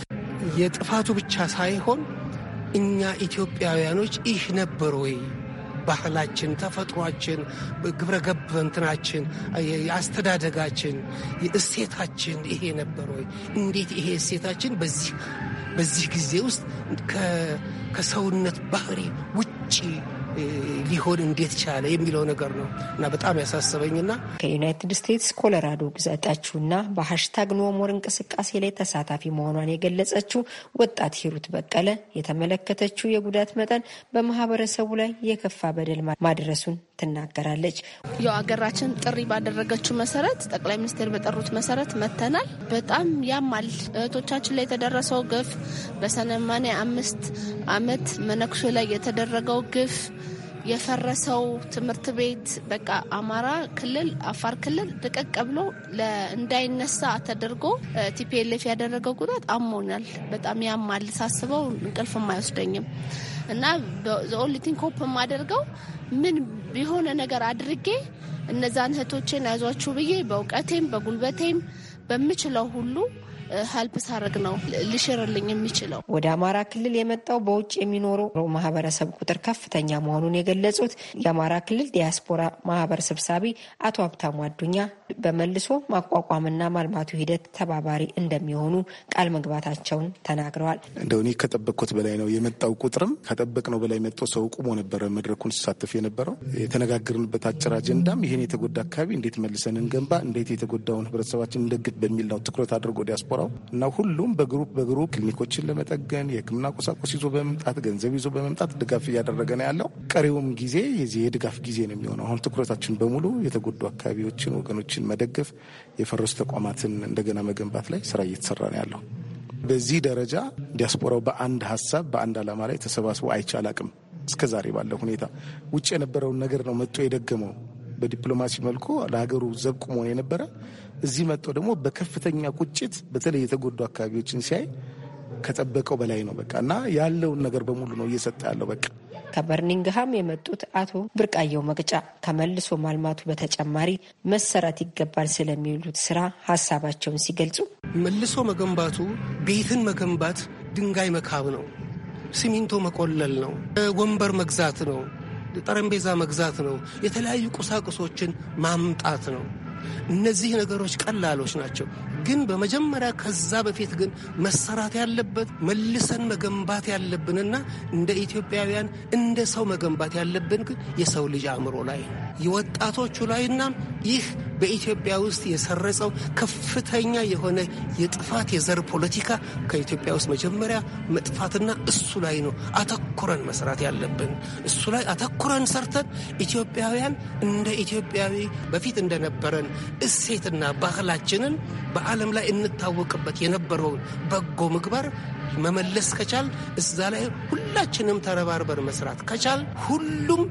የጥፋቱ ብቻ ሳይሆን እኛ ኢትዮጵያውያኖች ይህ ነበር ወይ ባህላችን፣ ተፈጥሯችን፣ ግብረ ገብ እንትናችን፣ የአስተዳደጋችን፣ እሴታችን ይሄ ነበር ወይ? እንዴት ይሄ እሴታችን በዚህ ጊዜ ውስጥ ከሰውነት ባህሪ ውጪ ሊሆን እንዴት ቻለ የሚለው ነገር ነው እና በጣም ያሳሰበኝና ከዩናይትድ ስቴትስ ኮሎራዶ ግዛጣችሁና በሀሽታግ ኖሞር እንቅስቃሴ ላይ ተሳታፊ መሆኗን የገለጸችው ወጣት ሂሩት በቀለ የተመለከተችው የጉዳት መጠን በማህበረሰቡ ላይ የከፋ በደል ማድረሱን ትናገራለች። ያው ሀገራችን ጥሪ ባደረገችው መሰረት ጠቅላይ ሚኒስቴር በጠሩት መሰረት መተናል። በጣም ያማል። እህቶቻችን ላይ የተደረሰው ግፍ በሰማንያ አምስት አመት መነኩሴ ላይ የተደረገው ግፍ የፈረሰው ትምህርት ቤት በቃ አማራ ክልል፣ አፋር ክልል ድቀቅ ብሎ እንዳይነሳ ተደርጎ ቲፒኤልኤፍ ያደረገው ጉዳት አሞኛል። በጣም ያማል። ሳስበው እንቅልፍም አይወስደኝም እና ዘኦንሊ ቲንግ የማደርገው ምን የሆነ ነገር አድርጌ እነዛን እህቶቼን አይዟችሁ ብዬ በእውቀቴም በጉልበቴም በምችለው ሁሉ ሀልፕ ሳረግ ነው ልሽርልኝ የሚችለው። ወደ አማራ ክልል የመጣው በውጭ የሚኖረው ማህበረሰብ ቁጥር ከፍተኛ መሆኑን የገለጹት የአማራ ክልል ዲያስፖራ ማህበር ሰብሳቢ አቶ ሀብታሙ አዱኛ በመልሶ ማቋቋምና ማልማቱ ሂደት ተባባሪ እንደሚሆኑ ቃል መግባታቸውን ተናግረዋል። እንደው እኔ ከጠበቅኩት በላይ ነው የመጣው። ቁጥርም ከጠበቅነው በላይ መጥቶ ሰው ቁሞ ነበረ መድረኩን ሲሳተፍ የነበረው። የተነጋገርንበት አጭር አጀንዳም ይህን የተጎዳ አካባቢ እንዴት መልሰን እንገንባ፣ እንዴት የተጎዳውን ህብረተሰባችን እንደግፍ በሚል ነው ትኩረት አድርጎ ዲያስፖራ የሚያተኩረው እና ሁሉም በግሩፕ በግሩፕ ክሊኒኮችን ለመጠገን የህክምና ቁሳቁስ ይዞ በመምጣት ገንዘብ ይዞ በመምጣት ድጋፍ እያደረገ ነው ያለው። ቀሪውም ጊዜ የዚህ የድጋፍ ጊዜ ነው የሚሆነው። አሁን ትኩረታችን በሙሉ የተጎዱ አካባቢዎችን፣ ወገኖችን መደገፍ፣ የፈረሱ ተቋማትን እንደገና መገንባት ላይ ስራ እየተሰራ ነው ያለው። በዚህ ደረጃ ዲያስፖራው በአንድ ሀሳብ በአንድ ዓላማ ላይ ተሰባስቦ አይቻል አቅም እስከ ዛሬ ባለው ሁኔታ ውጭ የነበረውን ነገር ነው መጥቶ የደገመው። በዲፕሎማሲ መልኩ ለሀገሩ ዘብ ቁሞ የነበረ እዚህ መጥተው ደግሞ በከፍተኛ ቁጭት በተለይ የተጎዱ አካባቢዎችን ሲያይ ከጠበቀው በላይ ነው። በቃ እና ያለውን ነገር በሙሉ ነው እየሰጠ ያለው። በቃ ከበርኒንግሃም የመጡት አቶ ብርቃየው መቅጫ ከመልሶ ማልማቱ በተጨማሪ መሰራት ይገባል ስለሚሉት ስራ ሀሳባቸውን ሲገልጹ መልሶ መገንባቱ ቤትን መገንባት ድንጋይ መካብ ነው፣ ሲሚንቶ መቆለል ነው፣ ወንበር መግዛት ነው፣ ጠረጴዛ መግዛት ነው፣ የተለያዩ ቁሳቁሶችን ማምጣት ነው። እነዚህ ነገሮች ቀላሎች ናቸው። ግን በመጀመሪያ ከዛ በፊት ግን መሰራት ያለበት መልሰን መገንባት ያለብንና እንደ ኢትዮጵያውያን እንደ ሰው መገንባት ያለብን ግን የሰው ልጅ አእምሮ ላይ የወጣቶቹ ላይና ይህ በኢትዮጵያ ውስጥ የሰረጸው ከፍተኛ የሆነ የጥፋት የዘር ፖለቲካ ከኢትዮጵያ ውስጥ መጀመሪያ መጥፋትና እሱ ላይ ነው አተኩረን መስራት ያለብን። እሱ ላይ አተኩረን ሰርተን ኢትዮጵያውያን እንደ ኢትዮጵያዊ በፊት እንደነበረን እሴትና ባህላችንን በአ በዓለም ላይ እንታወቅበት የነበረውን በጎ ምግባር መመለስ ከቻል እዛ ላይ ሁላችንም ተረባርበር መስራት ከቻል ሁሉም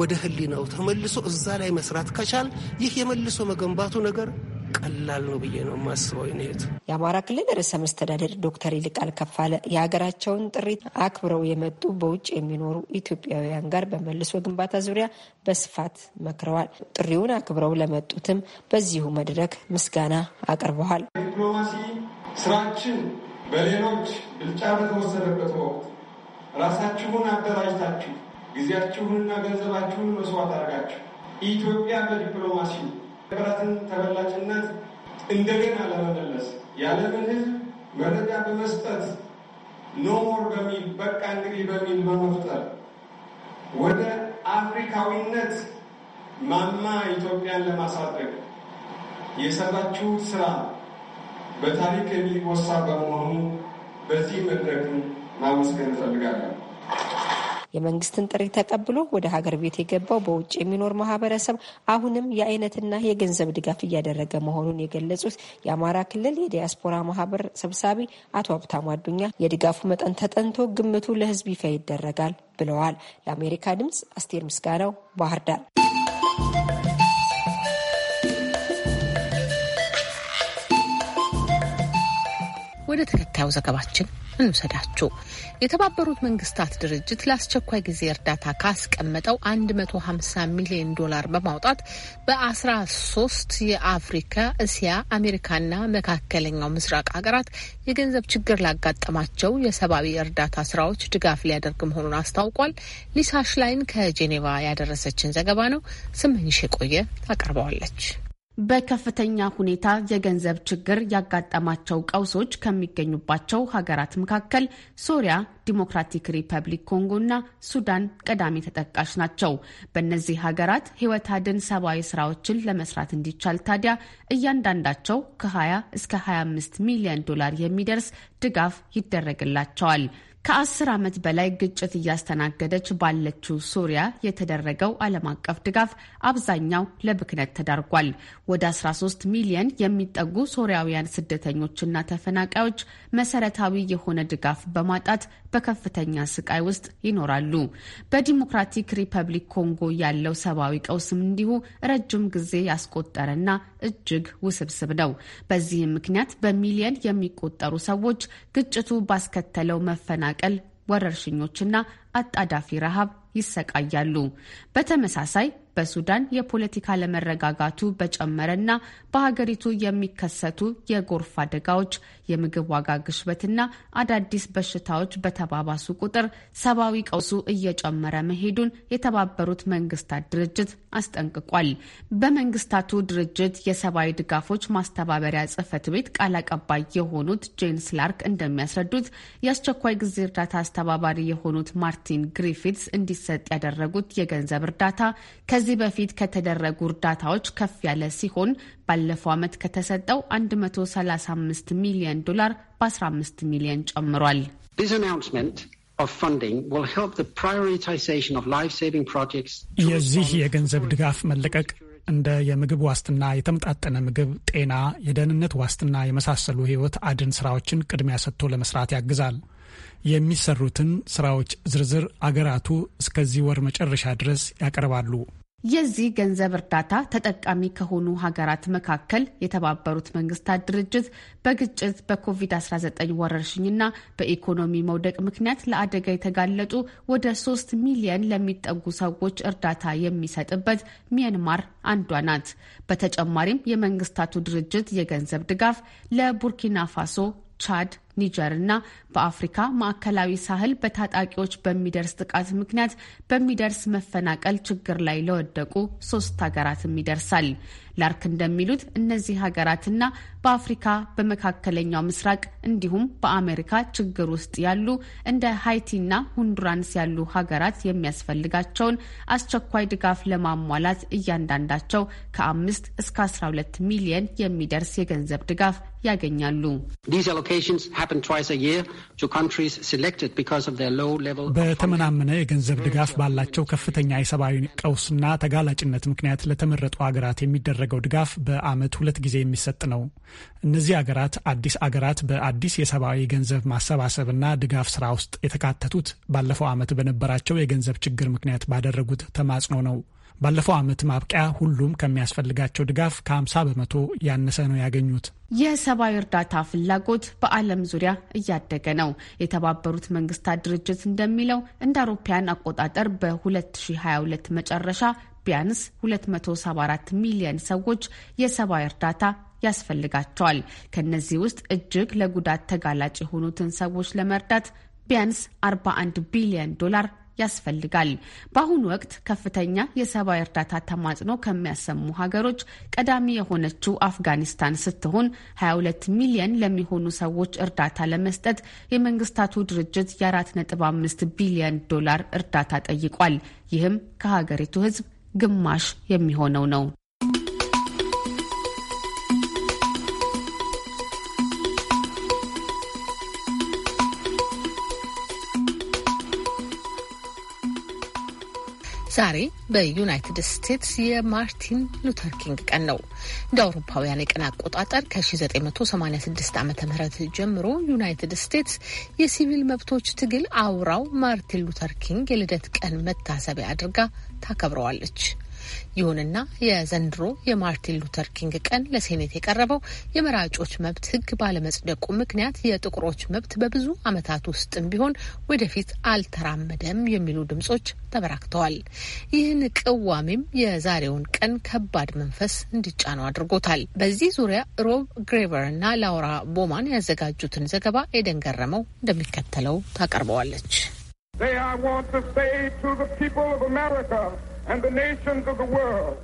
ወደ ህሊናው ተመልሶ እዛ ላይ መስራት ከቻል ይህ የመልሶ መገንባቱ ነገር ቀላል ነው ብዬ ነው የማስበው። ይነቱ የአማራ ክልል ርዕሰ መስተዳደር ዶክተር ይልቃል ከፋለ የሀገራቸውን ጥሪ አክብረው የመጡ በውጭ የሚኖሩ ኢትዮጵያውያን ጋር በመልሶ ግንባታ ዙሪያ በስፋት መክረዋል። ጥሪውን አክብረው ለመጡትም በዚሁ መድረክ ምስጋና አቅርበዋል። ዲፕሎማሲ ስራችን በሌሎች ብልጫ በተወሰደበት ወቅት ራሳችሁን አደራጅታችሁ ጊዜያችሁንና ገንዘባችሁን መስዋዕት አድርጋችሁ ኢትዮጵያ በዲፕሎማሲ ሀገራትን ተበላሽነት እንደገና ለመመለስ ያለምን ህዝብ መረጃ በመስጠት ኖሞር በሚል በቃ እንግዲህ በሚል በመፍጠር ወደ አፍሪካዊነት ማማ ኢትዮጵያን ለማሳደግ የሰራችሁት ስራ በታሪክ የሚወሳ በመሆኑ በዚህ መድረክ ማመስገን እፈልጋለሁ። የመንግስትን ጥሪ ተቀብሎ ወደ ሀገር ቤት የገባው በውጭ የሚኖር ማህበረሰብ አሁንም የአይነትና የገንዘብ ድጋፍ እያደረገ መሆኑን የገለጹት የአማራ ክልል የዲያስፖራ ማህበር ሰብሳቢ አቶ ሀብታሙ አዱኛ የድጋፉ መጠን ተጠንቶ ግምቱ ለህዝብ ይፋ ይደረጋል ብለዋል። ለአሜሪካ ድምጽ አስቴር ምስጋናው ባህር ዳር። ወደ ተከታዩ ዘገባችን እንውሰዳችሁ። የተባበሩት መንግስታት ድርጅት ለአስቸኳይ ጊዜ እርዳታ ካስቀመጠው 150 ሚሊዮን ዶላር በማውጣት በ13 የአፍሪካ፣ እስያ፣ አሜሪካና መካከለኛው ምስራቅ ሀገራት የገንዘብ ችግር ላጋጠማቸው የሰብአዊ እርዳታ ስራዎች ድጋፍ ሊያደርግ መሆኑን አስታውቋል። ሊሳሽ ላይን ከጄኔቫ ያደረሰችን ዘገባ ነው። ስምንሽ የቆየ ታቀርበዋለች። በከፍተኛ ሁኔታ የገንዘብ ችግር ያጋጠማቸው ቀውሶች ከሚገኙባቸው ሀገራት መካከል ሶሪያ፣ ዲሞክራቲክ ሪፐብሊክ ኮንጎ እና ሱዳን ቀዳሚ ተጠቃሽ ናቸው። በእነዚህ ሀገራት ሕይወት አድን ሰብአዊ ስራዎችን ለመስራት እንዲቻል ታዲያ እያንዳንዳቸው ከ20 እስከ 25 ሚሊዮን ዶላር የሚደርስ ድጋፍ ይደረግላቸዋል። ከአስር ዓመት በላይ ግጭት እያስተናገደች ባለችው ሱሪያ የተደረገው ዓለም አቀፍ ድጋፍ አብዛኛው ለብክነት ተዳርጓል። ወደ 13 ሚሊየን የሚጠጉ ሶሪያውያን ስደተኞችና ተፈናቃዮች መሰረታዊ የሆነ ድጋፍ በማጣት በከፍተኛ ስቃይ ውስጥ ይኖራሉ። በዲሞክራቲክ ሪፐብሊክ ኮንጎ ያለው ሰብአዊ ቀውስም እንዲሁ ረጅም ጊዜ ያስቆጠረና እጅግ ውስብስብ ነው። በዚህም ምክንያት በሚሊየን የሚቆጠሩ ሰዎች ግጭቱ ባስከተለው መፈናቀል፣ ወረርሽኞችና አጣዳፊ ረሃብ ይሰቃያሉ። በተመሳሳይ በሱዳን የፖለቲካ ለመረጋጋቱ በጨመረና በሀገሪቱ የሚከሰቱ የጎርፍ አደጋዎች የምግብ ዋጋ ግሽበትና አዳዲስ በሽታዎች በተባባሱ ቁጥር ሰብአዊ ቀውሱ እየጨመረ መሄዱን የተባበሩት መንግስታት ድርጅት አስጠንቅቋል። በመንግስታቱ ድርጅት የሰብአዊ ድጋፎች ማስተባበሪያ ጽህፈት ቤት ቃል አቀባይ የሆኑት ጄን ላርክ እንደሚያስረዱት የአስቸኳይ ጊዜ እርዳታ አስተባባሪ የሆኑት ማርቲን ግሪፊትስ እንዲሰጥ ያደረጉት የገንዘብ እርዳታ ከዚህ በፊት ከተደረጉ እርዳታዎች ከፍ ያለ ሲሆን ባለፈው ዓመት ከተሰጠው 135 ሚሊዮን ዶላር በ15 ሚሊዮን ጨምሯል። የዚህ የገንዘብ ድጋፍ መለቀቅ እንደ የምግብ ዋስትና፣ የተመጣጠነ ምግብ፣ ጤና፣ የደህንነት ዋስትና የመሳሰሉ ሕይወት አድን ስራዎችን ቅድሚያ ሰጥቶ ለመስራት ያግዛል። የሚሰሩትን ስራዎች ዝርዝር አገራቱ እስከዚህ ወር መጨረሻ ድረስ ያቀርባሉ። የዚህ ገንዘብ እርዳታ ተጠቃሚ ከሆኑ ሀገራት መካከል የተባበሩት መንግስታት ድርጅት በግጭት በኮቪድ-19 ወረርሽኝና በኢኮኖሚ መውደቅ ምክንያት ለአደጋ የተጋለጡ ወደ ሶስት ሚሊየን ለሚጠጉ ሰዎች እርዳታ የሚሰጥበት ሚያንማር አንዷ ናት። በተጨማሪም የመንግስታቱ ድርጅት የገንዘብ ድጋፍ ለቡርኪና ፋሶ ቻድ፣ ኒጀር እና በአፍሪካ ማዕከላዊ ሳህል በታጣቂዎች በሚደርስ ጥቃት ምክንያት በሚደርስ መፈናቀል ችግር ላይ ለወደቁ ሶስት ሀገራትም ይደርሳል። ላርክ እንደሚሉት እነዚህ ሀገራትና በአፍሪካ በመካከለኛው ምስራቅ እንዲሁም በአሜሪካ ችግር ውስጥ ያሉ እንደ ሃይቲና ሁንዱራንስ ያሉ ሀገራት የሚያስፈልጋቸውን አስቸኳይ ድጋፍ ለማሟላት እያንዳንዳቸው ከአምስት እስከ አስራ ሁለት ሚሊየን የሚደርስ የገንዘብ ድጋፍ ያገኛሉ። በተመናመነ የገንዘብ ድጋፍ ባላቸው ከፍተኛ የሰብአዊ ቀውስና ተጋላጭነት ምክንያት ለተመረጡ ሀገራት የሚደረገው ድጋፍ በዓመት ሁለት ጊዜ የሚሰጥ ነው። እነዚህ ሀገራት አዲስ አገራት በአዲስ የሰብአዊ ገንዘብ ማሰባሰብና ድጋፍ ስራ ውስጥ የተካተቱት ባለፈው ዓመት በነበራቸው የገንዘብ ችግር ምክንያት ባደረጉት ተማጽኖ ነው። ባለፈው ዓመት ማብቂያ ሁሉም ከሚያስፈልጋቸው ድጋፍ ከ50 በመቶ ያነሰ ነው ያገኙት። የሰብአዊ እርዳታ ፍላጎት በዓለም ዙሪያ እያደገ ነው። የተባበሩት መንግስታት ድርጅት እንደሚለው እንደ አውሮፓያን አቆጣጠር በ2022 መጨረሻ ቢያንስ 274 ሚሊዮን ሰዎች የሰብአዊ እርዳታ ያስፈልጋቸዋል። ከነዚህ ውስጥ እጅግ ለጉዳት ተጋላጭ የሆኑትን ሰዎች ለመርዳት ቢያንስ 41 ቢሊዮን ዶላር ያስፈልጋል። በአሁኑ ወቅት ከፍተኛ የሰብአዊ እርዳታ ተማጽኖ ከሚያሰሙ ሀገሮች ቀዳሚ የሆነችው አፍጋኒስታን ስትሆን 22 ሚሊየን ለሚሆኑ ሰዎች እርዳታ ለመስጠት የመንግስታቱ ድርጅት የ4.5 ቢሊየን ዶላር እርዳታ ጠይቋል። ይህም ከሀገሪቱ ህዝብ ግማሽ የሚሆነው ነው። ዛሬ በዩናይትድ ስቴትስ የማርቲን ሉተር ኪንግ ቀን ነው። እንደ አውሮፓውያን የቀን አቆጣጠር ከ1986 ዓ ም ጀምሮ ዩናይትድ ስቴትስ የሲቪል መብቶች ትግል አውራው ማርቲን ሉተር ኪንግ የልደት ቀን መታሰቢያ አድርጋ ታከብረዋለች። ይሁንና የዘንድሮ የማርቲን ሉተር ኪንግ ቀን ለሴኔት የቀረበው የመራጮች መብት ሕግ ባለመጽደቁ ምክንያት የጥቁሮች መብት በብዙ ዓመታት ውስጥም ቢሆን ወደፊት አልተራመደም የሚሉ ድምጾች ተበራክተዋል። ይህን ቅዋሜም የዛሬውን ቀን ከባድ መንፈስ እንዲጫነው አድርጎታል። በዚህ ዙሪያ ሮብ ግሬቨር እና ላውራ ቦማን ያዘጋጁትን ዘገባ ኤደን ገረመው እንደሚከተለው ታቀርበዋለች። They I want to say to the people of America and the nations of the world.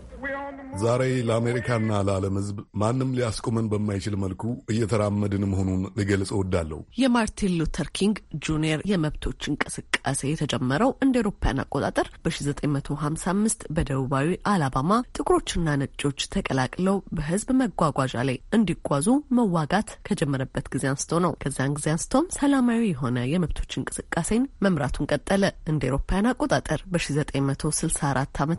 ዛሬ ለአሜሪካና ለዓለም ሕዝብ ማንም ሊያስቆመን በማይችል መልኩ እየተራመድን መሆኑን ልገልጽ እወዳለሁ። የማርቲን ሉተር ኪንግ ጁኒየር የመብቶች እንቅስቃሴ የተጀመረው እንደ ኤሮፓያን አቆጣጠር በ1955 በደቡባዊ አላባማ ጥቁሮችና ነጮች ተቀላቅለው በህዝብ መጓጓዣ ላይ እንዲጓዙ መዋጋት ከጀመረበት ጊዜ አንስቶ ነው። ከዚያን ጊዜ አንስቶም ሰላማዊ የሆነ የመብቶች እንቅስቃሴን መምራቱን ቀጠለ። እንደ ኤሮፓያን አቆጣጠር በ1964 ዓ ም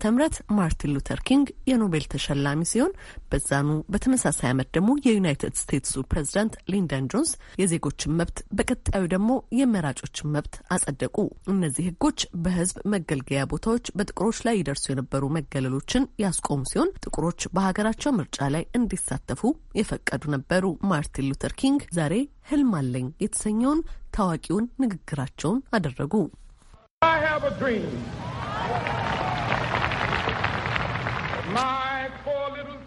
ማርቲን ሉተር ኪንግ የኖቤል ተሸላሚ ሲሆን በዛኑ በተመሳሳይ ዓመት ደግሞ የዩናይትድ ስቴትሱ ፕሬዚዳንት ሊንደን ጆንስ የዜጎችን መብት በቀጣዩ ደግሞ የመራጮችን መብት አጸደቁ። እነዚህ ሕጎች በህዝብ መገልገያ ቦታዎች በጥቁሮች ላይ ይደርሱ የነበሩ መገለሎችን ያስቆሙ ሲሆን ጥቁሮች በሀገራቸው ምርጫ ላይ እንዲሳተፉ የፈቀዱ ነበሩ። ማርቲን ሉተር ኪንግ ዛሬ ህልም አለኝ የተሰኘውን ታዋቂውን ንግግራቸውን አደረጉ። I have a dream.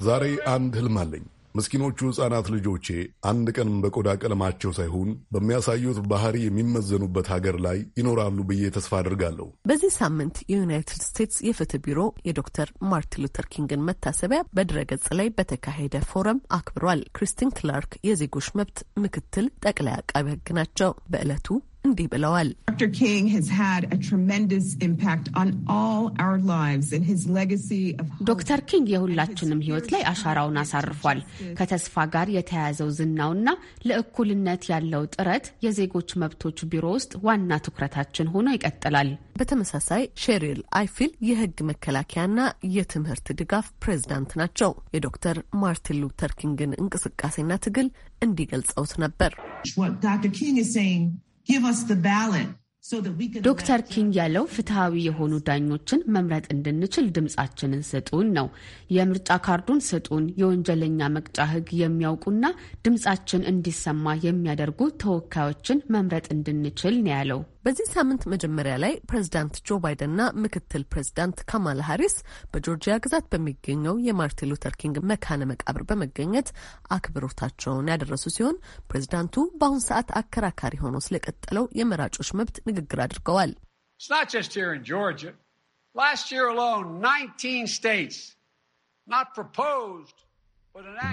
ዛሬ አንድ ህልም አለኝ። ምስኪኖቹ ሕፃናት ልጆቼ አንድ ቀን በቆዳ ቀለማቸው ሳይሆን በሚያሳዩት ባህሪ የሚመዘኑበት ሀገር ላይ ይኖራሉ ብዬ ተስፋ አድርጋለሁ። በዚህ ሳምንት የዩናይትድ ስቴትስ የፍትህ ቢሮ የዶክተር ማርቲን ሉተር ኪንግን መታሰቢያ በድረገጽ ላይ በተካሄደ ፎረም አክብሯል። ክሪስቲን ክላርክ የዜጎች መብት ምክትል ጠቅላይ አቃቢ ህግ ናቸው። በዕለቱ እንዲህ ብለዋል። ዶክተር ኪንግ የሁላችንም ህይወት ላይ አሻራውን አሳርፏል። ከተስፋ ጋር የተያያዘው ዝናውና ለእኩልነት ያለው ጥረት የዜጎች መብቶች ቢሮ ውስጥ ዋና ትኩረታችን ሆኖ ይቀጥላል። በተመሳሳይ ሼሪል አይፊል መከላከያ መከላከያና የትምህርት ድጋፍ ፕሬዝዳንት ናቸው። የዶክተር ማርቲን ሉተር ኪንግን እንቅስቃሴና ትግል እንዲገልጸውት ነበር Give us the ballot. ዶክተር ኪንግ ያለው ፍትሐዊ የሆኑ ዳኞችን መምረጥ እንድንችል ድምፃችንን ስጡን ነው። የምርጫ ካርዱን ስጡን፣ የወንጀለኛ መቅጫ ሕግ የሚያውቁና ድምፃችን እንዲሰማ የሚያደርጉ ተወካዮችን መምረጥ እንድንችል ነው ያለው። በዚህ ሳምንት መጀመሪያ ላይ ፕሬዚዳንት ጆ ባይደንና ምክትል ፕሬዚዳንት ካማላ ሀሪስ በጆርጂያ ግዛት በሚገኘው የማርቲን ሉተር ኪንግ መካነ መቃብር በመገኘት አክብሮታቸውን ያደረሱ ሲሆን ፕሬዚዳንቱ በአሁን ሰዓት አከራካሪ ሆኖ ስለቀጠለው የመራጮች መብት ንግግር አድርገዋል።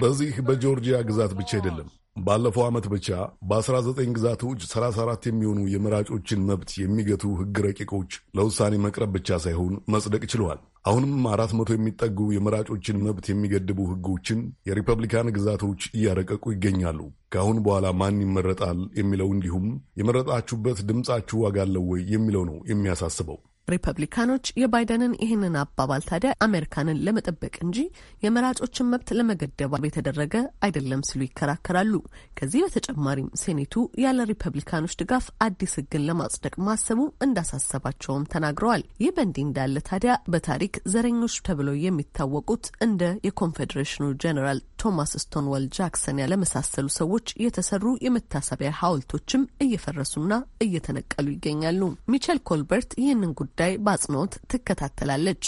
በዚህ በጆርጂያ ግዛት ብቻ አይደለም ባለፈው ዓመት ብቻ በ19 ግዛቶች 34 የሚሆኑ የመራጮችን መብት የሚገቱ ሕግ ረቂቆች ለውሳኔ መቅረብ ብቻ ሳይሆን መጽደቅ ችለዋል። አሁንም 400 የሚጠጉ የመራጮችን መብት የሚገድቡ ሕጎችን የሪፐብሊካን ግዛቶች እያረቀቁ ይገኛሉ። ከአሁን በኋላ ማን ይመረጣል የሚለው እንዲሁም የመረጣችሁበት ድምፃችሁ ዋጋ አለው ወይ የሚለው ነው የሚያሳስበው። ሪፐብሊካኖች የባይደንን ይህንን አባባል ታዲያ አሜሪካንን ለመጠበቅ እንጂ የመራጮችን መብት ለመገደብ የተደረገ አይደለም ሲሉ ይከራከራሉ። ከዚህ በተጨማሪም ሴኔቱ ያለ ሪፐብሊካኖች ድጋፍ አዲስ ህግን ለማጽደቅ ማሰቡ እንዳሳሰባቸውም ተናግረዋል። ይህ በእንዲህ እንዳለ ታዲያ በታሪክ ዘረኞች ተብለው የሚታወቁት እንደ የኮንፌዴሬሽኑ ጄኔራል ቶማስ ስቶንዋል ጃክሰን ያለመሳሰሉ ሰዎች የተሰሩ የመታሰቢያ ሐውልቶችም እየፈረሱና እየተነቀሉ ይገኛሉ። ሚቸል ኮልበርት ይህንን ጉዳይ ጉዳይ በአጽንኦት ትከታተላለች።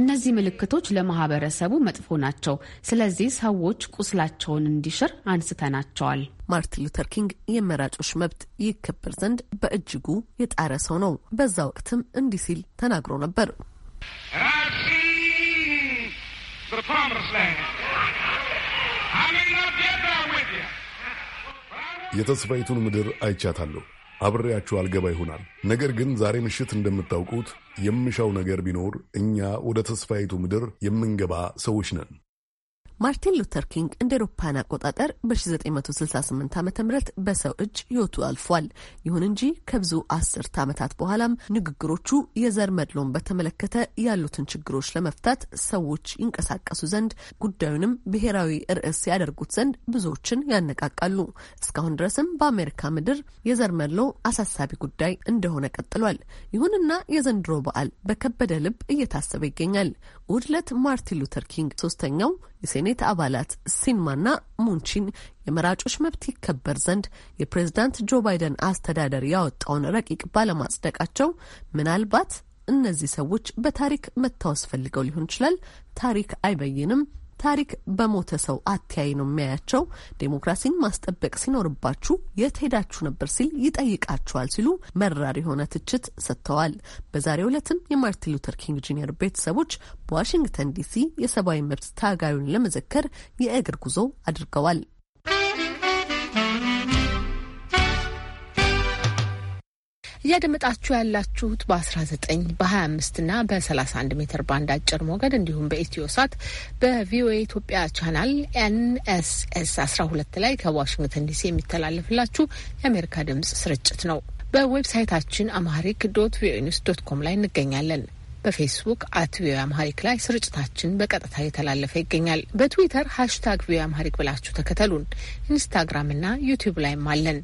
እነዚህ ምልክቶች ለማህበረሰቡ መጥፎ ናቸው። ስለዚህ ሰዎች ቁስላቸውን እንዲሽር አንስተናቸዋል። ማርቲን ሉተር ኪንግ የመራጮች መብት ይከበር ዘንድ በእጅጉ የጣረ ሰው ነው። በዛ ወቅትም እንዲህ ሲል ተናግሮ ነበር። የተስፋይቱን ምድር አይቻታለሁ አብሬያችሁ አልገባ ይሆናል። ነገር ግን ዛሬ ምሽት እንደምታውቁት የምሻው ነገር ቢኖር እኛ ወደ ተስፋይቱ ምድር የምንገባ ሰዎች ነን። ማርቲን ሉተር ኪንግ እንደ ኤሮፓን አቆጣጠር በ1968 ዓ ም በሰው እጅ ህይወቱ አልፏል። ይሁን እንጂ ከብዙ አስርት ዓመታት በኋላም ንግግሮቹ የዘር መድሎን በተመለከተ ያሉትን ችግሮች ለመፍታት ሰዎች ይንቀሳቀሱ ዘንድ ጉዳዩንም ብሔራዊ ርዕስ ያደርጉት ዘንድ ብዙዎችን ያነቃቃሉ። እስካሁን ድረስም በአሜሪካ ምድር የዘር መድሎ አሳሳቢ ጉዳይ እንደሆነ ቀጥሏል። ይሁንና የዘንድሮ በዓል በከበደ ልብ እየታሰበ ይገኛል። ውድለት ማርቲን ሉተር ኪንግ ሶስተኛው የሴኔ ቤት አባላት ሲንማና ሙንቺን የመራጮች መብት ይከበር ዘንድ የፕሬዝዳንት ጆ ባይደን አስተዳደር ያወጣውን ረቂቅ ባለማጽደቃቸው ምናልባት እነዚህ ሰዎች በታሪክ መታወስ ፈልገው ሊሆን ይችላል። ታሪክ አይበይንም። ታሪክ በሞተ ሰው አትያይ ነው የሚያያቸው። ዴሞክራሲን ማስጠበቅ ሲኖርባችሁ የት ሄዳችሁ ነበር ሲል ይጠይቃችኋል ሲሉ መራር የሆነ ትችት ሰጥተዋል። በዛሬው ዕለትም የማርቲን ሉተር ኪንግ ጁኒየር ቤተሰቦች በዋሽንግተን ዲሲ የሰብአዊ መብት ታጋዩን ለመዘከር የእግር ጉዞ አድርገዋል። እያደመጣችሁ ያላችሁት በ19 በ25 እና በ31 ሜትር ባንድ አጭር ሞገድ እንዲሁም በኢትዮ ሳት በቪኦኤ ኢትዮጵያ ቻናል ኤንኤስኤስ 12 ላይ ከዋሽንግተን ዲሲ የሚተላለፍላችሁ የአሜሪካ ድምጽ ስርጭት ነው። በዌብሳይታችን አማሪክ ዶት ቪኦኤ ኒውስ ዶት ኮም ላይ እንገኛለን። በፌስቡክ አት ቪኦኤ አምሃሪክ ላይ ስርጭታችን በቀጥታ የተላለፈ ይገኛል። በትዊተር ሃሽታግ ቪኦኤ አምሃሪክ ብላችሁ ተከተሉን። ኢንስታግራምና ዩቲዩብ ላይም አለን።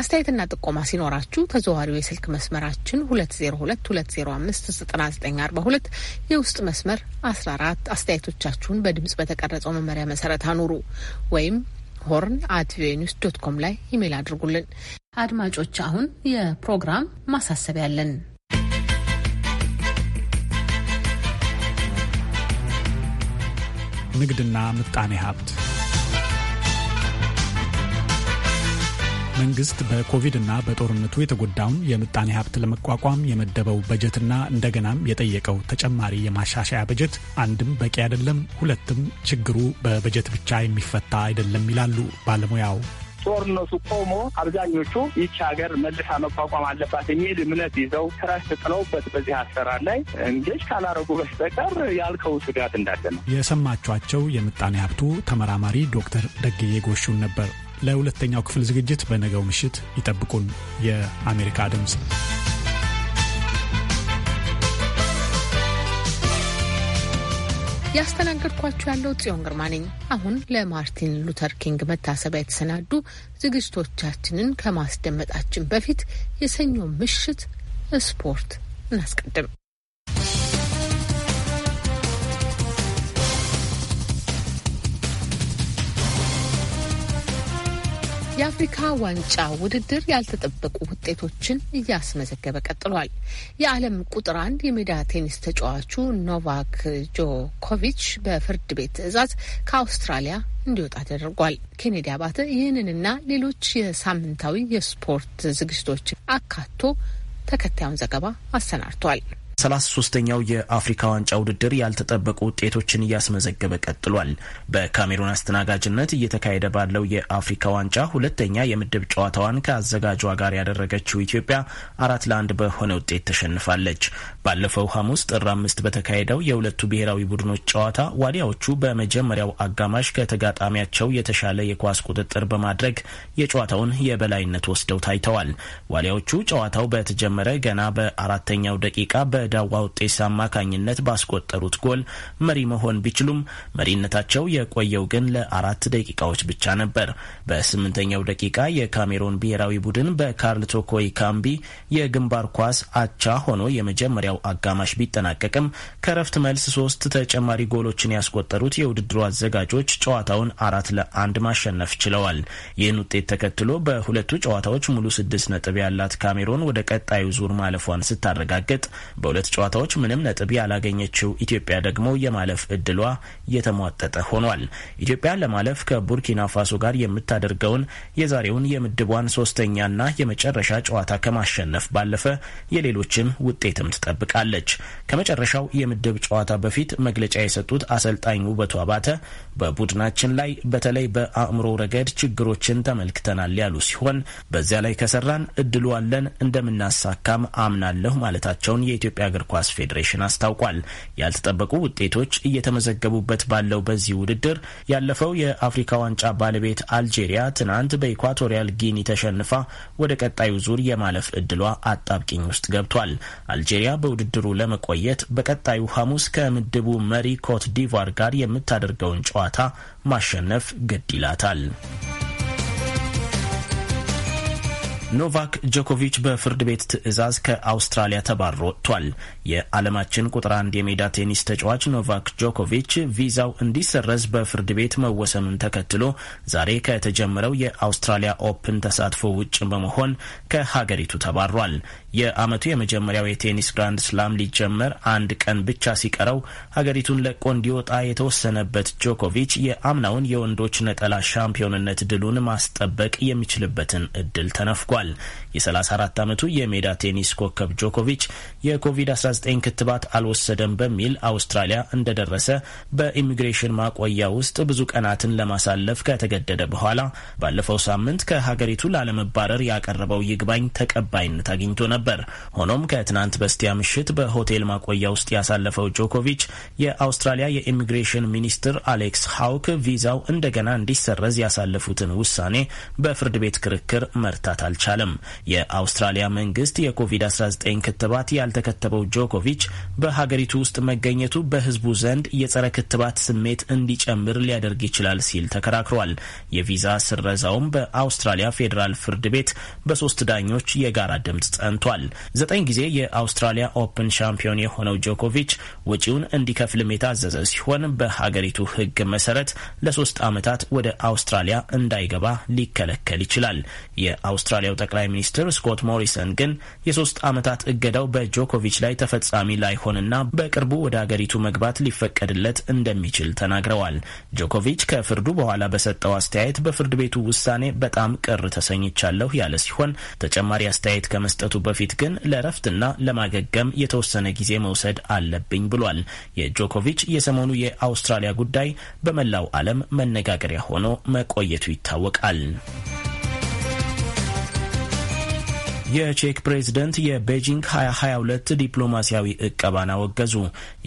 አስተያየትና ጥቆማ ሲኖራችሁ ተዘዋሪው የስልክ መስመራችን 2022059942 የውስጥ መስመር 14 አስተያየቶቻችሁን በድምጽ በተቀረጸው መመሪያ መሰረት አኑሩ ወይም ሆርን አት ቪኦኤ ኒውስ ዶት ኮም ላይ ኢሜይል አድርጉልን። አድማጮች አሁን የፕሮግራም ማሳሰቢያ አለን። ንግድና ምጣኔ ሀብት መንግስት በኮቪድና በጦርነቱ የተጎዳውን የምጣኔ ሀብት ለመቋቋም የመደበው በጀትና እንደገናም የጠየቀው ተጨማሪ የማሻሻያ በጀት አንድም በቂ አይደለም፣ ሁለትም ችግሩ በበጀት ብቻ የሚፈታ አይደለም ይላሉ ባለሙያው። ጦርነቱ ቆሞ አብዛኞቹ ይቺ ሀገር መልሳ መቋቋም አለባት የሚል እምነት ይዘው ትረስ ጥለውበት በዚህ አሰራር ላይ እንግዲህ ካላረጉ በስተቀር ያልከው ስጋት እንዳለ ነው። የሰማችኋቸው የምጣኔ ሀብቱ ተመራማሪ ዶክተር ደግዬ ጎሹን ነበር። ለሁለተኛው ክፍል ዝግጅት በነገው ምሽት ይጠብቁን። የአሜሪካ ድምፅ ያስተናገድኳችሁ ያለው ጽዮን ግርማ ነኝ። አሁን ለማርቲን ሉተር ኪንግ መታሰቢያ የተሰናዱ ዝግጅቶቻችንን ከማስደመጣችን በፊት የሰኞ ምሽት ስፖርት እናስቀድም። የአፍሪካ ዋንጫ ውድድር ያልተጠበቁ ውጤቶችን እያስመዘገበ ቀጥሏል። የዓለም ቁጥር አንድ የሜዳ ቴኒስ ተጫዋቹ ኖቫክ ጆኮቪች በፍርድ ቤት ትዕዛዝ ከአውስትራሊያ እንዲወጣ ተደርጓል። ኬኔዲ አባተ ይህንንና ሌሎች የሳምንታዊ የስፖርት ዝግጅቶችን አካቶ ተከታዩን ዘገባ አሰናድቷል። ሰላሳ ሶስተኛው የአፍሪካ ዋንጫ ውድድር ያልተጠበቁ ውጤቶችን እያስመዘገበ ቀጥሏል። በካሜሩን አስተናጋጅነት እየተካሄደ ባለው የአፍሪካ ዋንጫ ሁለተኛ የምድብ ጨዋታዋን ከአዘጋጇ ጋር ያደረገችው ኢትዮጵያ አራት ለአንድ በሆነ ውጤት ተሸንፋለች። ባለፈው ሐሙስ ጥር አምስት በተካሄደው የሁለቱ ብሔራዊ ቡድኖች ጨዋታ ዋሊያዎቹ በመጀመሪያው አጋማሽ ከተጋጣሚያቸው የተሻለ የኳስ ቁጥጥር በማድረግ የጨዋታውን የበላይነት ወስደው ታይተዋል። ዋሊያዎቹ ጨዋታው በተጀመረ ገና በአራተኛው ደቂቃ በ በዳዋ ውጤሳ አማካኝነት ባስቆጠሩት ጎል መሪ መሆን ቢችሉም መሪነታቸው የቆየው ግን ለአራት ደቂቃዎች ብቻ ነበር። በስምንተኛው ደቂቃ የካሜሮን ብሔራዊ ቡድን በካርል ቶኮይ ካምቢ የግንባር ኳስ አቻ ሆኖ የመጀመሪያው አጋማሽ ቢጠናቀቅም ከረፍት መልስ ሶስት ተጨማሪ ጎሎችን ያስቆጠሩት የውድድሩ አዘጋጆች ጨዋታውን አራት ለአንድ ማሸነፍ ችለዋል። ይህን ውጤት ተከትሎ በሁለቱ ጨዋታዎች ሙሉ ስድስት ነጥብ ያላት ካሜሮን ወደ ቀጣዩ ዙር ማለፏን ስታረጋግጥ በሁለ ሁለት ጨዋታዎች ምንም ነጥብ ያላገኘችው ኢትዮጵያ ደግሞ የማለፍ እድሏ የተሟጠጠ ሆኗል። ኢትዮጵያ ለማለፍ ከቡርኪና ፋሶ ጋር የምታደርገውን የዛሬውን የምድቧን ሶስተኛና የመጨረሻ ጨዋታ ከማሸነፍ ባለፈ የሌሎችም ውጤትም ትጠብቃለች። ከመጨረሻው የምድብ ጨዋታ በፊት መግለጫ የሰጡት አሰልጣኝ ውበቱ አባተ በቡድናችን ላይ በተለይ በአእምሮ ረገድ ችግሮችን ተመልክተናል ያሉ ሲሆን በዚያ ላይ ከሰራን እድሉ አለን እንደምናሳካም አምናለሁ ማለታቸውን የኢትዮጵያ እግር ኳስ ፌዴሬሽን አስታውቋል። ያልተጠበቁ ውጤቶች እየተመዘገቡበት ባለው በዚህ ውድድር ያለፈው የአፍሪካ ዋንጫ ባለቤት አልጄሪያ ትናንት በኢኳቶሪያል ጊኒ ተሸንፋ ወደ ቀጣዩ ዙር የማለፍ እድሏ አጣብቂኝ ውስጥ ገብቷል። አልጄሪያ በውድድሩ ለመቆየት በቀጣዩ ሐሙስ ከምድቡ መሪ ኮት ዲቫር ጋር የምታደርገውን ጨዋታ ማሸነፍ ግድ ይላታል። ኖቫክ ጆኮቪች በፍርድ ቤት ትዕዛዝ ከአውስትራሊያ ተባሮ ወጥቷል። የዓለማችን ቁጥር አንድ የሜዳ ቴኒስ ተጫዋች ኖቫክ ጆኮቪች ቪዛው እንዲሰረዝ በፍርድ ቤት መወሰኑን ተከትሎ ዛሬ ከተጀመረው የአውስትራሊያ ኦፕን ተሳትፎ ውጭ በመሆን ከሀገሪቱ ተባሯል። የዓመቱ የመጀመሪያው የቴኒስ ግራንድ ስላም ሊጀመር አንድ ቀን ብቻ ሲቀረው ሀገሪቱን ለቆ እንዲወጣ የተወሰነበት ጆኮቪች የአምናውን የወንዶች ነጠላ ሻምፒዮንነት ድሉን ማስጠበቅ የሚችልበትን እድል ተነፍጓል። የ34 ዓመቱ የሜዳ ቴኒስ ኮከብ ጆኮቪች የኮቪድ-19 ክትባት አልወሰደም በሚል አውስትራሊያ እንደደረሰ በኢሚግሬሽን ማቆያ ውስጥ ብዙ ቀናትን ለማሳለፍ ከተገደደ በኋላ ባለፈው ሳምንት ከሀገሪቱ ላለመባረር ያቀረበው ይግባኝ ተቀባይነት አግኝቶ ነበር። ነበር። ሆኖም ከትናንት በስቲያ ምሽት በሆቴል ማቆያ ውስጥ ያሳለፈው ጆኮቪች የአውስትራሊያ የኢሚግሬሽን ሚኒስትር አሌክስ ሀውክ ቪዛው እንደገና እንዲሰረዝ ያሳለፉትን ውሳኔ በፍርድ ቤት ክርክር መርታት አልቻለም። የአውስትራሊያ መንግስት የኮቪድ-19 ክትባት ያልተከተበው ጆኮቪች በሀገሪቱ ውስጥ መገኘቱ በህዝቡ ዘንድ የጸረ ክትባት ስሜት እንዲጨምር ሊያደርግ ይችላል ሲል ተከራክሯል። የቪዛ ስረዛውም በአውስትራሊያ ፌዴራል ፍርድ ቤት በሶስት ዳኞች የጋራ ድምፅ ጸንቷል። አግኝቷል። ዘጠኝ ጊዜ የአውስትራሊያ ኦፕን ሻምፒዮን የሆነው ጆኮቪች ወጪውን እንዲከፍልም የታዘዘ ሲሆን በሀገሪቱ ሕግ መሰረት ለሶስት ዓመታት ወደ አውስትራሊያ እንዳይገባ ሊከለከል ይችላል። የአውስትራሊያው ጠቅላይ ሚኒስትር ስኮት ሞሪሰን ግን የሶስት ዓመታት እገዳው በጆኮቪች ላይ ተፈጻሚ ላይሆንና በቅርቡ ወደ ሀገሪቱ መግባት ሊፈቀድለት እንደሚችል ተናግረዋል። ጆኮቪች ከፍርዱ በኋላ በሰጠው አስተያየት በፍርድ ቤቱ ውሳኔ በጣም ቅር ተሰኝቻለሁ ያለ ሲሆን ተጨማሪ አስተያየት ከመስጠቱ በፊት በፊት ግን ለእረፍትና ለማገገም የተወሰነ ጊዜ መውሰድ አለብኝ ብሏል። የጆኮቪች የሰሞኑ የአውስትራሊያ ጉዳይ በመላው ዓለም መነጋገሪያ ሆኖ መቆየቱ ይታወቃል። የቼክ ፕሬዝደንት የቤጂንግ 2022 ዲፕሎማሲያዊ እቀባን አወገዙ።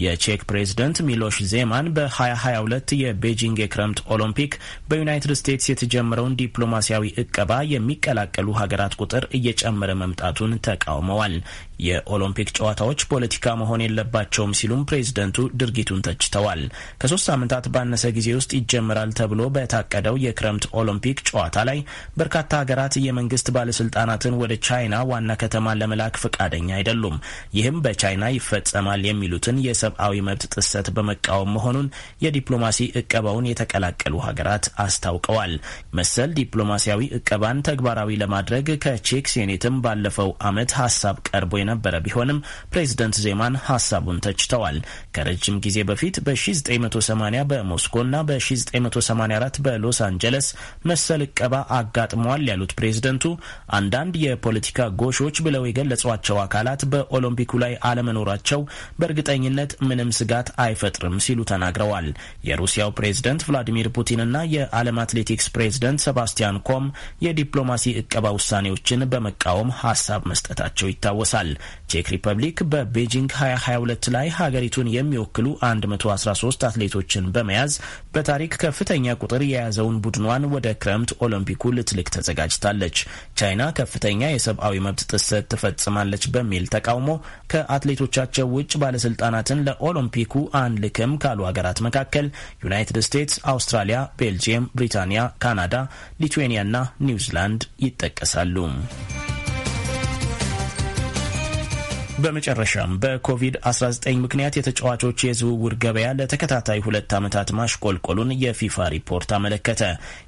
የቼክ ፕሬዝደንት ሚሎሽ ዜማን በ2022 የቤጂንግ የክረምት ኦሎምፒክ በዩናይትድ ስቴትስ የተጀመረውን ዲፕሎማሲያዊ እቀባ የሚቀላቀሉ ሀገራት ቁጥር እየጨመረ መምጣቱን ተቃውመዋል። የኦሎምፒክ ጨዋታዎች ፖለቲካ መሆን የለባቸውም ሲሉም ፕሬዝደንቱ ድርጊቱን ተችተዋል። ከሶስት ሳምንታት ባነሰ ጊዜ ውስጥ ይጀምራል ተብሎ በታቀደው የክረምት ኦሎምፒክ ጨዋታ ላይ በርካታ ሀገራት የመንግስት ባለስልጣናትን ወደ ቻይና ዋና ከተማ ለመላክ ፈቃደኛ አይደሉም። ይህም በቻይና ይፈጸማል የሚሉትን የሰብአዊ መብት ጥሰት በመቃወም መሆኑን የዲፕሎማሲ እቀባውን የተቀላቀሉ ሀገራት አስታውቀዋል። መሰል ዲፕሎማሲያዊ እቀባን ተግባራዊ ለማድረግ ከቼክ ሴኔትም ባለፈው ዓመት ሀሳብ ቀርቦ የነበረ ቢሆንም ፕሬዝደንት ዜማን ሀሳቡን ተችተዋል። ከረጅም ጊዜ በፊት በ1980 በሞስኮና በ1984 በሎስ አንጀለስ መሰል እቀባ አጋጥመዋል ያሉት ፕሬዝደንቱ አንዳንድ የፖለቲካ ጎሾች ብለው የገለጿቸው አካላት በኦሎምፒኩ ላይ አለመኖራቸው በእርግጠኝነት ምንም ስጋት አይፈጥርም ሲሉ ተናግረዋል። የሩሲያው ፕሬዝደንት ቭላዲሚር ፑቲንና የዓለም አትሌቲክስ ፕሬዝደንት ሰባስቲያን ኮም የዲፕሎማሲ እቀባ ውሳኔዎችን በመቃወም ሀሳብ መስጠታቸው ይታወሳል። ቼክ ሪፐብሊክ በቤጂንግ 2022 ላይ ሀገሪቱን የሚወክሉ 113 አትሌቶችን በመያዝ በታሪክ ከፍተኛ ቁጥር የያዘውን ቡድኗን ወደ ክረምት ኦሎምፒኩ ልትልክ ተዘጋጅታለች። ቻይና ከፍተኛ የሰብአዊ መብት ጥሰት ትፈጽማለች በሚል ተቃውሞ ከአትሌቶቻቸው ውጭ ባለስልጣናትን ለኦሎምፒኩ አንልክም ካሉ ሀገራት መካከል ዩናይትድ ስቴትስ፣ አውስትራሊያ፣ ቤልጅየም፣ ብሪታንያ፣ ካናዳ፣ ሊትዌኒያና ኒውዚላንድ ይጠቀሳሉ። በመጨረሻም በኮቪድ-19 ምክንያት የተጫዋቾች የዝውውር ገበያ ለተከታታይ ሁለት ዓመታት ማሽቆልቆሉን የፊፋ ሪፖርት አመለከተ።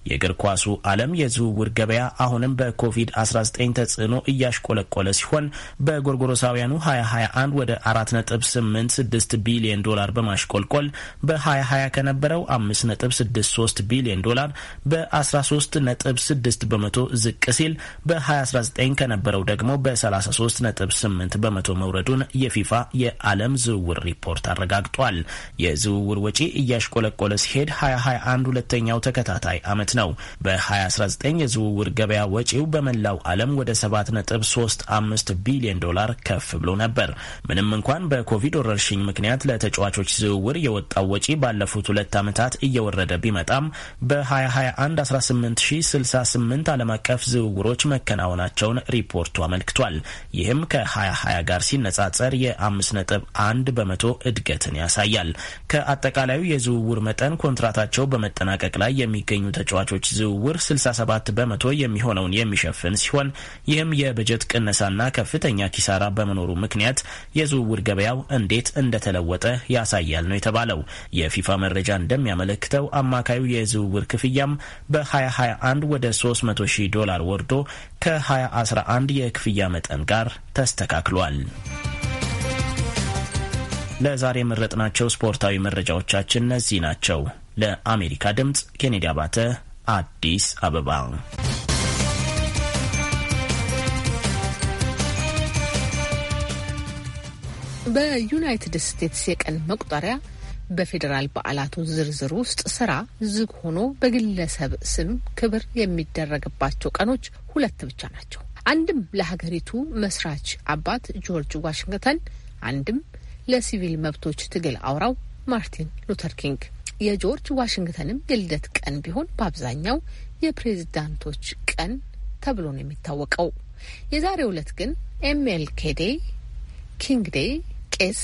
የእግር ኳሱ ዓለም የዝውውር ገበያ አሁንም በኮቪድ-19 ተጽዕኖ እያሽቆለቆለ ሲሆን በጎርጎሮሳውያኑ 2021 ወደ 4.86 ቢሊዮን ዶላር በማሽቆልቆል በ2020 ከነበረው 5.63 ቢሊዮን ዶላር በ13.6 በመቶ ዝቅ ሲል በ2019 ከነበረው ደግሞ በ33.8 በመቶ መውረዱን የፊፋ የዓለም ዝውውር ሪፖርት አረጋግጧል። የዝውውር ወጪ እያሽቆለቆለ ሲሄድ 2021 ሁለተኛው ተከታታይ ዓመት ነው። በ2019 የዝውውር ገበያ ወጪው በመላው ዓለም ወደ 7.35 ቢሊዮን ዶላር ከፍ ብሎ ነበር። ምንም እንኳን በኮቪድ ወረርሽኝ ምክንያት ለተጫዋቾች ዝውውር የወጣው ወጪ ባለፉት ሁለት ዓመታት እየወረደ ቢመጣም በ2021 18068 ዓለም አቀፍ ዝውውሮች መከናወናቸውን ሪፖርቱ አመልክቷል። ይህም ከ2020 ጋር ሲነጻጸር የ ነጥብ በመቶ እድገትን ያሳያል። ከአጠቃላዩ የዝውውር መጠን ኮንትራታቸው በመጠናቀቅ ላይ የሚገኙ ተጫዋቾች ዝውውር 67 በመቶ የሚሆነውን የሚሸፍን ሲሆን ይህም የበጀት ቅነሳና ከፍተኛ ኪሳራ በመኖሩ ምክንያት የዝውውር ገበያው እንዴት እንደተለወጠ ያሳያል ነው የተባለው። የፊፋ መረጃ እንደሚያመለክተው አማካዩ የዝውውር ክፍያም በ2021 ወደ 300 ሺህ ዶላር ወርዶ ከ2011 የክፍያ መጠን ጋር ተስተካክሏል። ለዛሬ የመረጥናቸው ስፖርታዊ መረጃዎቻችን እነዚህ ናቸው። ለአሜሪካ ድምፅ ኬኔዲ አባተ፣ አዲስ አበባ። በዩናይትድ ስቴትስ የቀን መቁጠሪያ በፌዴራል በዓላቱ ዝርዝር ውስጥ ስራ ዝግ ሆኖ በግለሰብ ስም ክብር የሚደረግባቸው ቀኖች ሁለት ብቻ ናቸው። አንድም ለሀገሪቱ መስራች አባት ጆርጅ ዋሽንግተን፣ አንድም ለሲቪል መብቶች ትግል አውራው ማርቲን ሉተር ኪንግ። የጆርጅ ዋሽንግተንም የልደት ቀን ቢሆን በአብዛኛው የፕሬዝዳንቶች ቀን ተብሎ ነው የሚታወቀው። የዛሬው ዕለት ግን ኤምኤልኬ ዴይ፣ ኪንግ ዴይ፣ ቄስ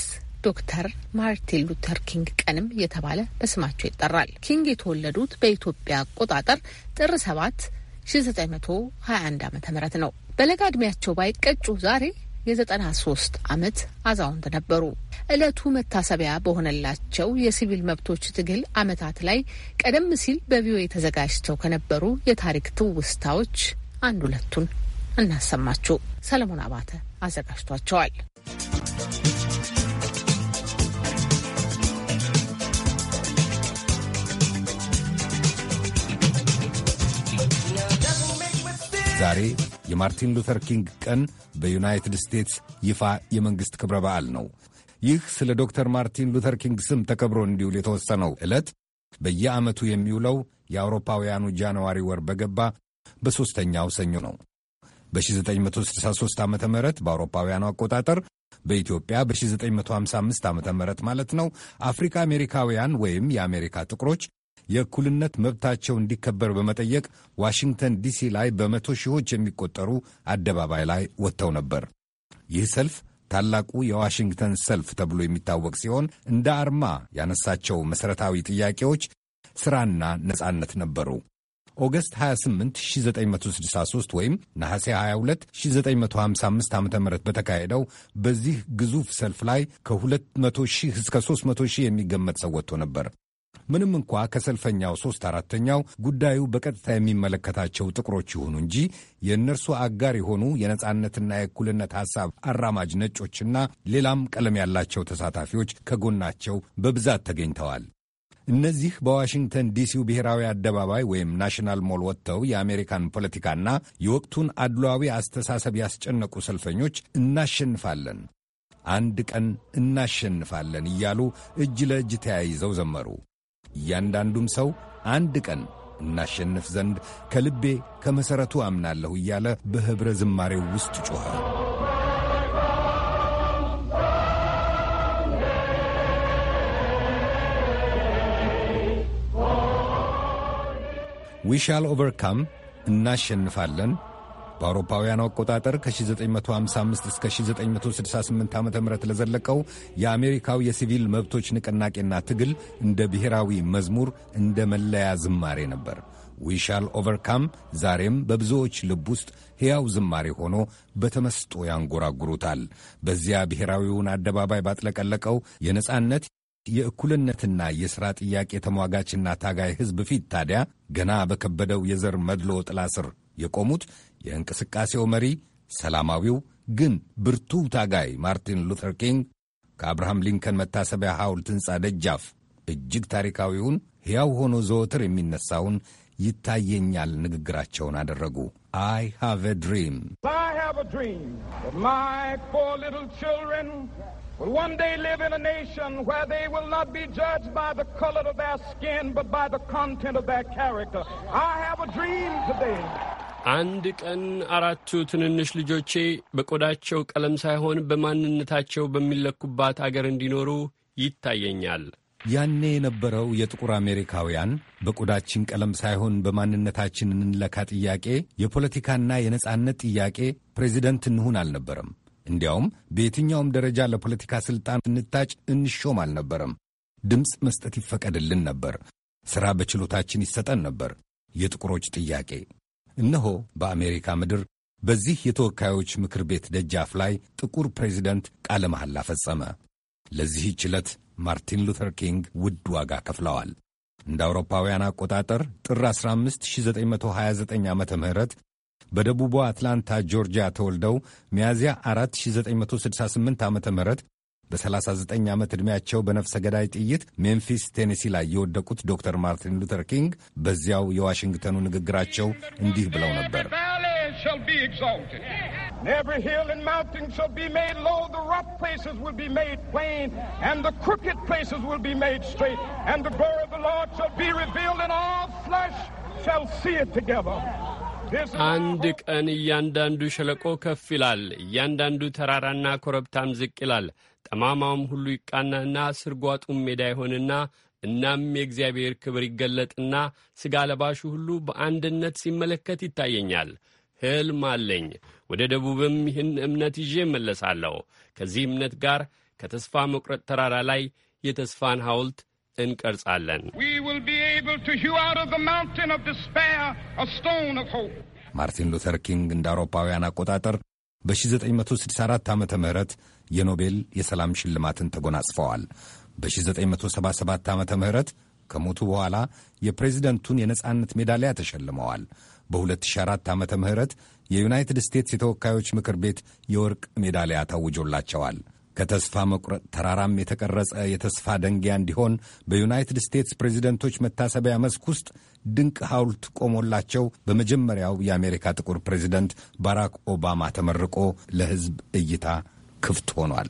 ዶክተር ማርቲን ሉተር ኪንግ ቀንም እየተባለ በስማቸው ይጠራል። ኪንግ የተወለዱት በኢትዮጵያ አቆጣጠር ጥር 7 1921 ዓ ም ነው። በለጋ እድሜያቸው ባይቀጩ ዛሬ የዘጠና ሶስት ዓመት አዛውንት ነበሩ። ዕለቱ መታሰቢያ በሆነላቸው የሲቪል መብቶች ትግል አመታት ላይ ቀደም ሲል በቪኦኤ ተዘጋጅተው ከነበሩ የታሪክ ትውስታዎች አንድ ሁለቱን እናሰማችሁ። ሰለሞን አባተ አዘጋጅቷቸዋል። ዛሬ የማርቲን ሉተር ኪንግ ቀን በዩናይትድ ስቴትስ ይፋ የመንግሥት ክብረ በዓል ነው። ይህ ስለ ዶክተር ማርቲን ሉተር ኪንግ ስም ተከብሮ እንዲውል የተወሰነው ዕለት በየዓመቱ የሚውለው የአውሮፓውያኑ ጃንዋሪ ወር በገባ በሦስተኛው ሰኞ ነው። በ1963 ዓ ም በአውሮፓውያኑ አቆጣጠር በኢትዮጵያ በ1955 ዓ ም ማለት ነው። አፍሪካ አሜሪካውያን ወይም የአሜሪካ ጥቁሮች የእኩልነት መብታቸው እንዲከበር በመጠየቅ ዋሽንግተን ዲሲ ላይ በመቶ ሺዎች የሚቆጠሩ አደባባይ ላይ ወጥተው ነበር። ይህ ሰልፍ ታላቁ የዋሽንግተን ሰልፍ ተብሎ የሚታወቅ ሲሆን እንደ አርማ ያነሳቸው መሠረታዊ ጥያቄዎች ሥራና ነጻነት ነበሩ። ኦገስት 28 1963 ወይም ነሐሴ 22 1955 ዓ ም በተካሄደው በዚህ ግዙፍ ሰልፍ ላይ ከ200 ሺህ እስከ 300 ሺህ የሚገመት ሰው ወጥቶ ነበር። ምንም እንኳ ከሰልፈኛው ሦስት አራተኛው ጉዳዩ በቀጥታ የሚመለከታቸው ጥቁሮች ይሁኑ እንጂ የእነርሱ አጋር የሆኑ የነጻነትና የእኩልነት ሐሳብ አራማጅ ነጮችና ሌላም ቀለም ያላቸው ተሳታፊዎች ከጎናቸው በብዛት ተገኝተዋል። እነዚህ በዋሽንግተን ዲሲው ብሔራዊ አደባባይ ወይም ናሽናል ሞል ወጥተው የአሜሪካን ፖለቲካና የወቅቱን አድሏዊ አስተሳሰብ ያስጨነቁ ሰልፈኞች እናሸንፋለን አንድ ቀን እናሸንፋለን እያሉ እጅ ለእጅ ተያይዘው ዘመሩ። እያንዳንዱም ሰው አንድ ቀን እናሸንፍ ዘንድ ከልቤ ከመሠረቱ አምናለሁ እያለ በኅብረ ዝማሬው ውስጥ ጮኸ። ዊሻል ኦቨርካም እናሸንፋለን በአውሮፓውያኑ አቆጣጠር ከ1955 እስከ 1968 ዓ ም ለዘለቀው የአሜሪካው የሲቪል መብቶች ንቅናቄና ትግል እንደ ብሔራዊ መዝሙር እንደ መለያ ዝማሬ ነበር። ዊሻል ኦቨርካም ዛሬም በብዙዎች ልብ ውስጥ ሕያው ዝማሬ ሆኖ በተመስጦ ያንጎራጉሩታል። በዚያ ብሔራዊውን አደባባይ ባጥለቀለቀው የነጻነት የእኩልነትና የሥራ ጥያቄ ተሟጋችና ታጋይ ሕዝብ ፊት ታዲያ ገና በከበደው የዘር መድሎ ጥላ ስር የቆሙት የእንቅስቃሴው መሪ ሰላማዊው ግን ብርቱ ታጋይ ማርቲን ሉተር ኪንግ ከአብርሃም ሊንከን መታሰቢያ ሐውልት ሕንፃ ደጃፍ እጅግ ታሪካዊውን ሕያው ሆኖ ዘወትር የሚነሳውን ይታየኛል ንግግራቸውን አደረጉ። አይ ሃቭ ኤ ድሪም will one day live in a nation where they will not be judged by the color of their skin, but by the content of their character. I have a dream today. አንድ ቀን አራቱ ትንንሽ ልጆቼ በቆዳቸው ቀለም ሳይሆን በማንነታቸው በሚለኩባት አገር እንዲኖሩ ይታየኛል። ያኔ የነበረው የጥቁር አሜሪካውያን በቆዳችን ቀለም ሳይሆን በማንነታችን እንለካ ጥያቄ የፖለቲካና የነጻነት ጥያቄ ፕሬዚደንት እንሁን አልነበረም። እንዲያውም በየትኛውም ደረጃ ለፖለቲካ ስልጣን እንታጭ እንሾም አልነበረም። ድምፅ መስጠት ይፈቀድልን ነበር። ሥራ በችሎታችን ይሰጠን ነበር። የጥቁሮች ጥያቄ እነሆ በአሜሪካ ምድር በዚህ የተወካዮች ምክር ቤት ደጃፍ ላይ ጥቁር ፕሬዚደንት ቃለ መሐላ ፈጸመ። ለዚህች ዕለት ማርቲን ሉተር ኪንግ ውድ ዋጋ ከፍለዋል። እንደ አውሮፓውያን አቆጣጠር ጥር 15 1929 ዓ ም በደቡቧ አትላንታ ጆርጂያ ተወልደው ሚያዝያ 4968 ዓ ም በ39 ዓመት ዕድሜያቸው በነፍሰ ገዳይ ጥይት ሜምፊስ ቴኔሲ ላይ የወደቁት ዶክተር ማርቲን ሉተር ኪንግ በዚያው የዋሽንግተኑ ንግግራቸው እንዲህ ብለው ነበር። አንድ ቀን እያንዳንዱ ሸለቆ ከፍ ይላል፣ እያንዳንዱ ተራራና ኮረብታም ዝቅ ይላል፣ ጠማማውም ሁሉ ይቃናና ስርጓጡም ሜዳ ይሆንና እናም የእግዚአብሔር ክብር ይገለጥና ሥጋ ለባሹ ሁሉ በአንድነት ሲመለከት ይታየኛል። ሕልም አለኝ። ወደ ደቡብም ይህን እምነት ይዤ እመለሳለሁ። ከዚህ እምነት ጋር ከተስፋ መቁረጥ ተራራ ላይ የተስፋን ሐውልት እንቀርጻለን። ማርቲን ሉተር ኪንግ እንደ አውሮፓውያን አቆጣጠር በ1964 ዓ ም የኖቤል የሰላም ሽልማትን ተጎናጽፈዋል። በ1977 ዓ ም ከሞቱ በኋላ የፕሬዚደንቱን የነጻነት ሜዳሊያ ተሸልመዋል። በ2004 ዓ ም የዩናይትድ ስቴትስ የተወካዮች ምክር ቤት የወርቅ ሜዳሊያ ታውጆላቸዋል። ከተስፋ መቁረጥ ተራራም የተቀረጸ የተስፋ ደንጊያ እንዲሆን በዩናይትድ ስቴትስ ፕሬዚደንቶች መታሰቢያ መስክ ውስጥ ድንቅ ሐውልት ቆሞላቸው በመጀመሪያው የአሜሪካ ጥቁር ፕሬዚደንት ባራክ ኦባማ ተመርቆ ለሕዝብ እይታ ክፍት ሆኗል።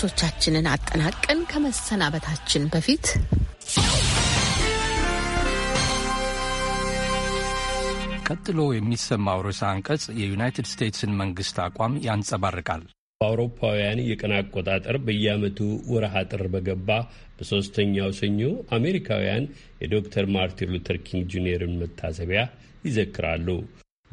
ዝግጅቶቻችንን አጠናቀን ከመሰናበታችን በፊት ቀጥሎ የሚሰማው ርዕሰ አንቀጽ የዩናይትድ ስቴትስን መንግስት አቋም ያንጸባርቃል። በአውሮፓውያን የቀን አቆጣጠር በየዓመቱ ወርሃ ጥር በገባ በሦስተኛው ሰኞ አሜሪካውያን የዶክተር ማርቲን ሉተር ኪንግ ጁኒየርን መታሰቢያ ይዘክራሉ።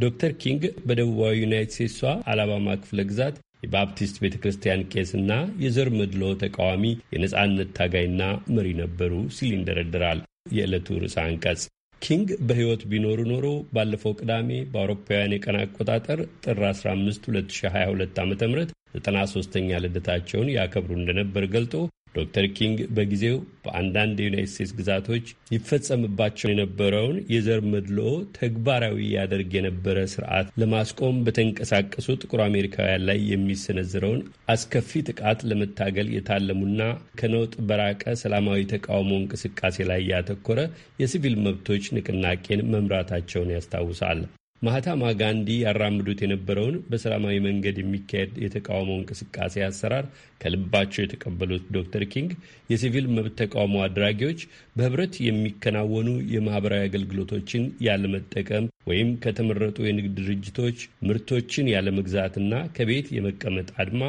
ዶክተር ኪንግ በደቡባዊ ዩናይት ስቴትሷ አላባማ ክፍለ ግዛት የባፕቲስት ቤተ ክርስቲያን ቄስና የዘር መድሎ ተቃዋሚ የነጻነት ታጋይና መሪ ነበሩ ሲል ይንደረድራል የዕለቱ ርዕሰ አንቀጽ። ኪንግ በሕይወት ቢኖሩ ኖሮ ባለፈው ቅዳሜ በአውሮፓውያን የቀን አቆጣጠር ጥር 15 2022 ዓ ም 93ኛ ልደታቸውን ያከብሩ እንደነበር ገልጦ ዶክተር ኪንግ በጊዜው በአንዳንድ የዩናይት ስቴትስ ግዛቶች ይፈጸምባቸው የነበረውን የዘር መድሎ ተግባራዊ ያደርግ የነበረ ስርዓት ለማስቆም በተንቀሳቀሱ ጥቁር አሜሪካውያን ላይ የሚሰነዝረውን አስከፊ ጥቃት ለመታገል የታለሙና ከነውጥ በራቀ ሰላማዊ ተቃውሞ እንቅስቃሴ ላይ ያተኮረ የሲቪል መብቶች ንቅናቄን መምራታቸውን ያስታውሳል። ማህታማ ጋንዲ ያራምዱት የነበረውን በሰላማዊ መንገድ የሚካሄድ የተቃውሞ እንቅስቃሴ አሰራር ከልባቸው የተቀበሉት ዶክተር ኪንግ የሲቪል መብት ተቃውሞ አድራጊዎች በህብረት የሚከናወኑ የማህበራዊ አገልግሎቶችን ያለመጠቀም ወይም ከተመረጡ የንግድ ድርጅቶች ምርቶችን ያለመግዛትና ከቤት የመቀመጥ አድማ፣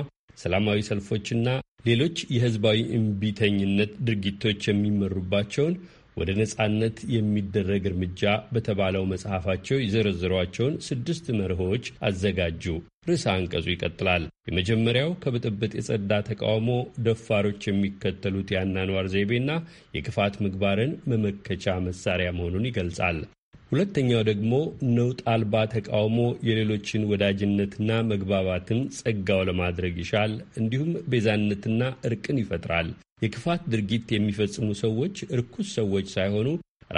ሰላማዊ ሰልፎችና ሌሎች የህዝባዊ እምቢተኝነት ድርጊቶች የሚመሩባቸውን ወደ ነጻነት የሚደረግ እርምጃ በተባለው መጽሐፋቸው የዘረዘሯቸውን ስድስት መርሆዎች አዘጋጁ። ርዕሰ አንቀጹ ይቀጥላል። የመጀመሪያው ከብጥብጥ የጸዳ ተቃውሞ፣ ደፋሮች የሚከተሉት የአኗኗር ዘይቤና የክፋት ምግባርን መመከቻ መሳሪያ መሆኑን ይገልጻል። ሁለተኛው ደግሞ ነውጥ አልባ ተቃውሞ የሌሎችን ወዳጅነትና መግባባትን ጸጋው ለማድረግ ይሻል፣ እንዲሁም ቤዛነትና እርቅን ይፈጥራል። የክፋት ድርጊት የሚፈጽሙ ሰዎች ርኩስ ሰዎች ሳይሆኑ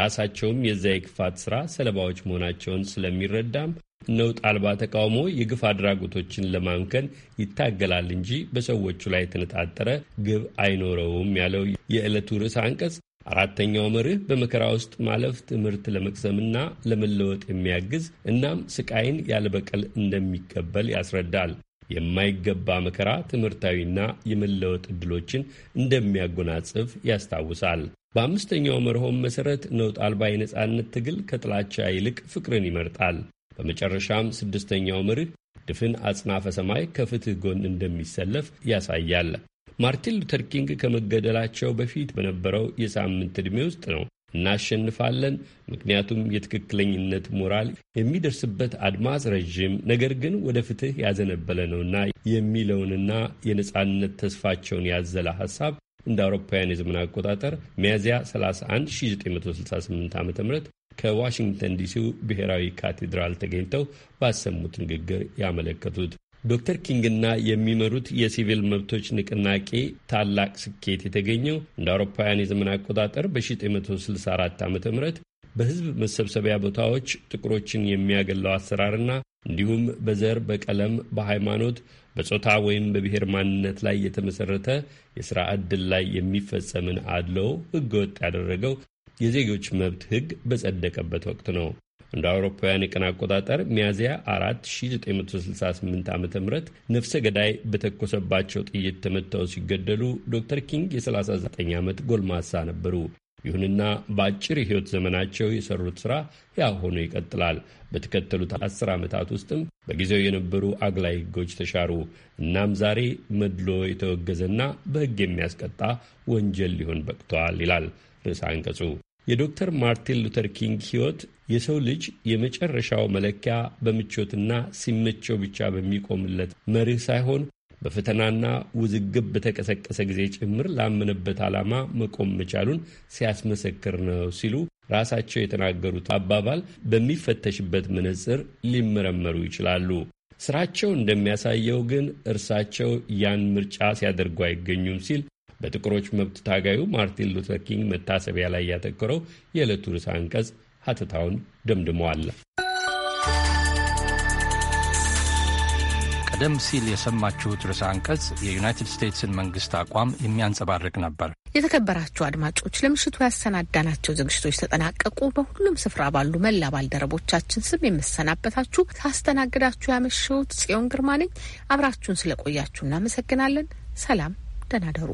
ራሳቸውም የዛ የክፋት ሥራ ሰለባዎች መሆናቸውን ስለሚረዳም ነውጥ አልባ ተቃውሞ የግፍ አድራጎቶችን ለማምከን ይታገላል እንጂ በሰዎቹ ላይ የተነጣጠረ ግብ አይኖረውም ያለው የዕለቱ ርዕሰ አንቀጽ አራተኛው መርህ በመከራ ውስጥ ማለፍ ትምህርት ለመቅሰምና ለመለወጥ የሚያግዝ እናም ስቃይን ያለበቀል እንደሚቀበል ያስረዳል። የማይገባ መከራ ትምህርታዊና የመለወጥ ዕድሎችን እንደሚያጎናጽፍ ያስታውሳል። በአምስተኛው መርሆም መሠረት ነውጥ አልባ የነጻነት ትግል ከጥላቻ ይልቅ ፍቅርን ይመርጣል። በመጨረሻም ስድስተኛው መርህ ድፍን አጽናፈ ሰማይ ከፍትህ ጎን እንደሚሰለፍ ያሳያል። ማርቲን ሉተር ኪንግ ከመገደላቸው በፊት በነበረው የሳምንት ዕድሜ ውስጥ ነው እናሸንፋለን፣ ምክንያቱም የትክክለኝነት ሞራል የሚደርስበት አድማስ ረዥም ነገር ግን ወደ ፍትህ ያዘነበለ ነውና የሚለውንና የነጻነት ተስፋቸውን ያዘለ ሀሳብ እንደ አውሮፓውያን የዘመን አቆጣጠር ሚያዝያ 31 1968 ዓ ም ከዋሽንግተን ዲሲው ብሔራዊ ካቴድራል ተገኝተው ባሰሙት ንግግር ያመለከቱት ዶክተር ኪንግና የሚመሩት የሲቪል መብቶች ንቅናቄ ታላቅ ስኬት የተገኘው እንደ አውሮፓውያን የዘመን አቆጣጠር በ1964 ዓ ም በህዝብ መሰብሰቢያ ቦታዎች ጥቁሮችን የሚያገለው አሰራርና እንዲሁም በዘር፣ በቀለም፣ በሃይማኖት፣ በጾታ ወይም በብሔር ማንነት ላይ የተመሰረተ የሥራ ዕድል ላይ የሚፈጸምን አድለው ህገወጥ ወጥ ያደረገው የዜጎች መብት ህግ በጸደቀበት ወቅት ነው። እንደ አውሮፓውያን የቀን አቆጣጠር ሚያዝያ 4968 ዓ ም ነፍሰ ገዳይ በተኮሰባቸው ጥይት ተመተው ሲገደሉ ዶክተር ኪንግ የ39 ዓመት ጎልማሳ ነበሩ። ይሁንና በአጭር የሕይወት ዘመናቸው የሰሩት ሥራ ያው ሆኖ ይቀጥላል። በተከተሉት አስር ዓመታት ውስጥም በጊዜው የነበሩ አግላይ ሕጎች ተሻሩ። እናም ዛሬ መድሎ የተወገዘና በሕግ የሚያስቀጣ ወንጀል ሊሆን በቅተዋል ይላል ርዕሰ አንቀጹ። የዶክተር ማርቲን ሉተር ኪንግ ሕይወት የሰው ልጅ የመጨረሻው መለኪያ በምቾትና ሲመቸው ብቻ በሚቆምለት መርህ ሳይሆን በፈተናና ውዝግብ በተቀሰቀሰ ጊዜ ጭምር ላመነበት ዓላማ መቆም መቻሉን ሲያስመሰክር ነው ሲሉ ራሳቸው የተናገሩት አባባል በሚፈተሽበት መነጽር ሊመረመሩ ይችላሉ። ስራቸው እንደሚያሳየው ግን እርሳቸው ያን ምርጫ ሲያደርጉ አይገኙም ሲል በጥቁሮች መብት ታጋዩ ማርቲን ሉተር ኪንግ መታሰቢያ ላይ ያተኮረው የዕለቱ ርዕሰ አንቀጽ ሀተታውን ደምድመዋል። ቀደም ሲል የሰማችሁት ርዕሰ አንቀጽ የዩናይትድ ስቴትስን መንግስት አቋም የሚያንጸባርቅ ነበር። የተከበራችሁ አድማጮች ለምሽቱ ያሰናዳናቸው ዝግጅቶች ተጠናቀቁ። በሁሉም ስፍራ ባሉ መላ ባልደረቦቻችን ስም የምሰናበታችሁ ሳስተናግዳችሁ ያመሸሁት ጽዮን ግርማ ነኝ። አብራችሁን ስለቆያችሁ እናመሰግናለን። ሰላም፣ ደህና ደሩ።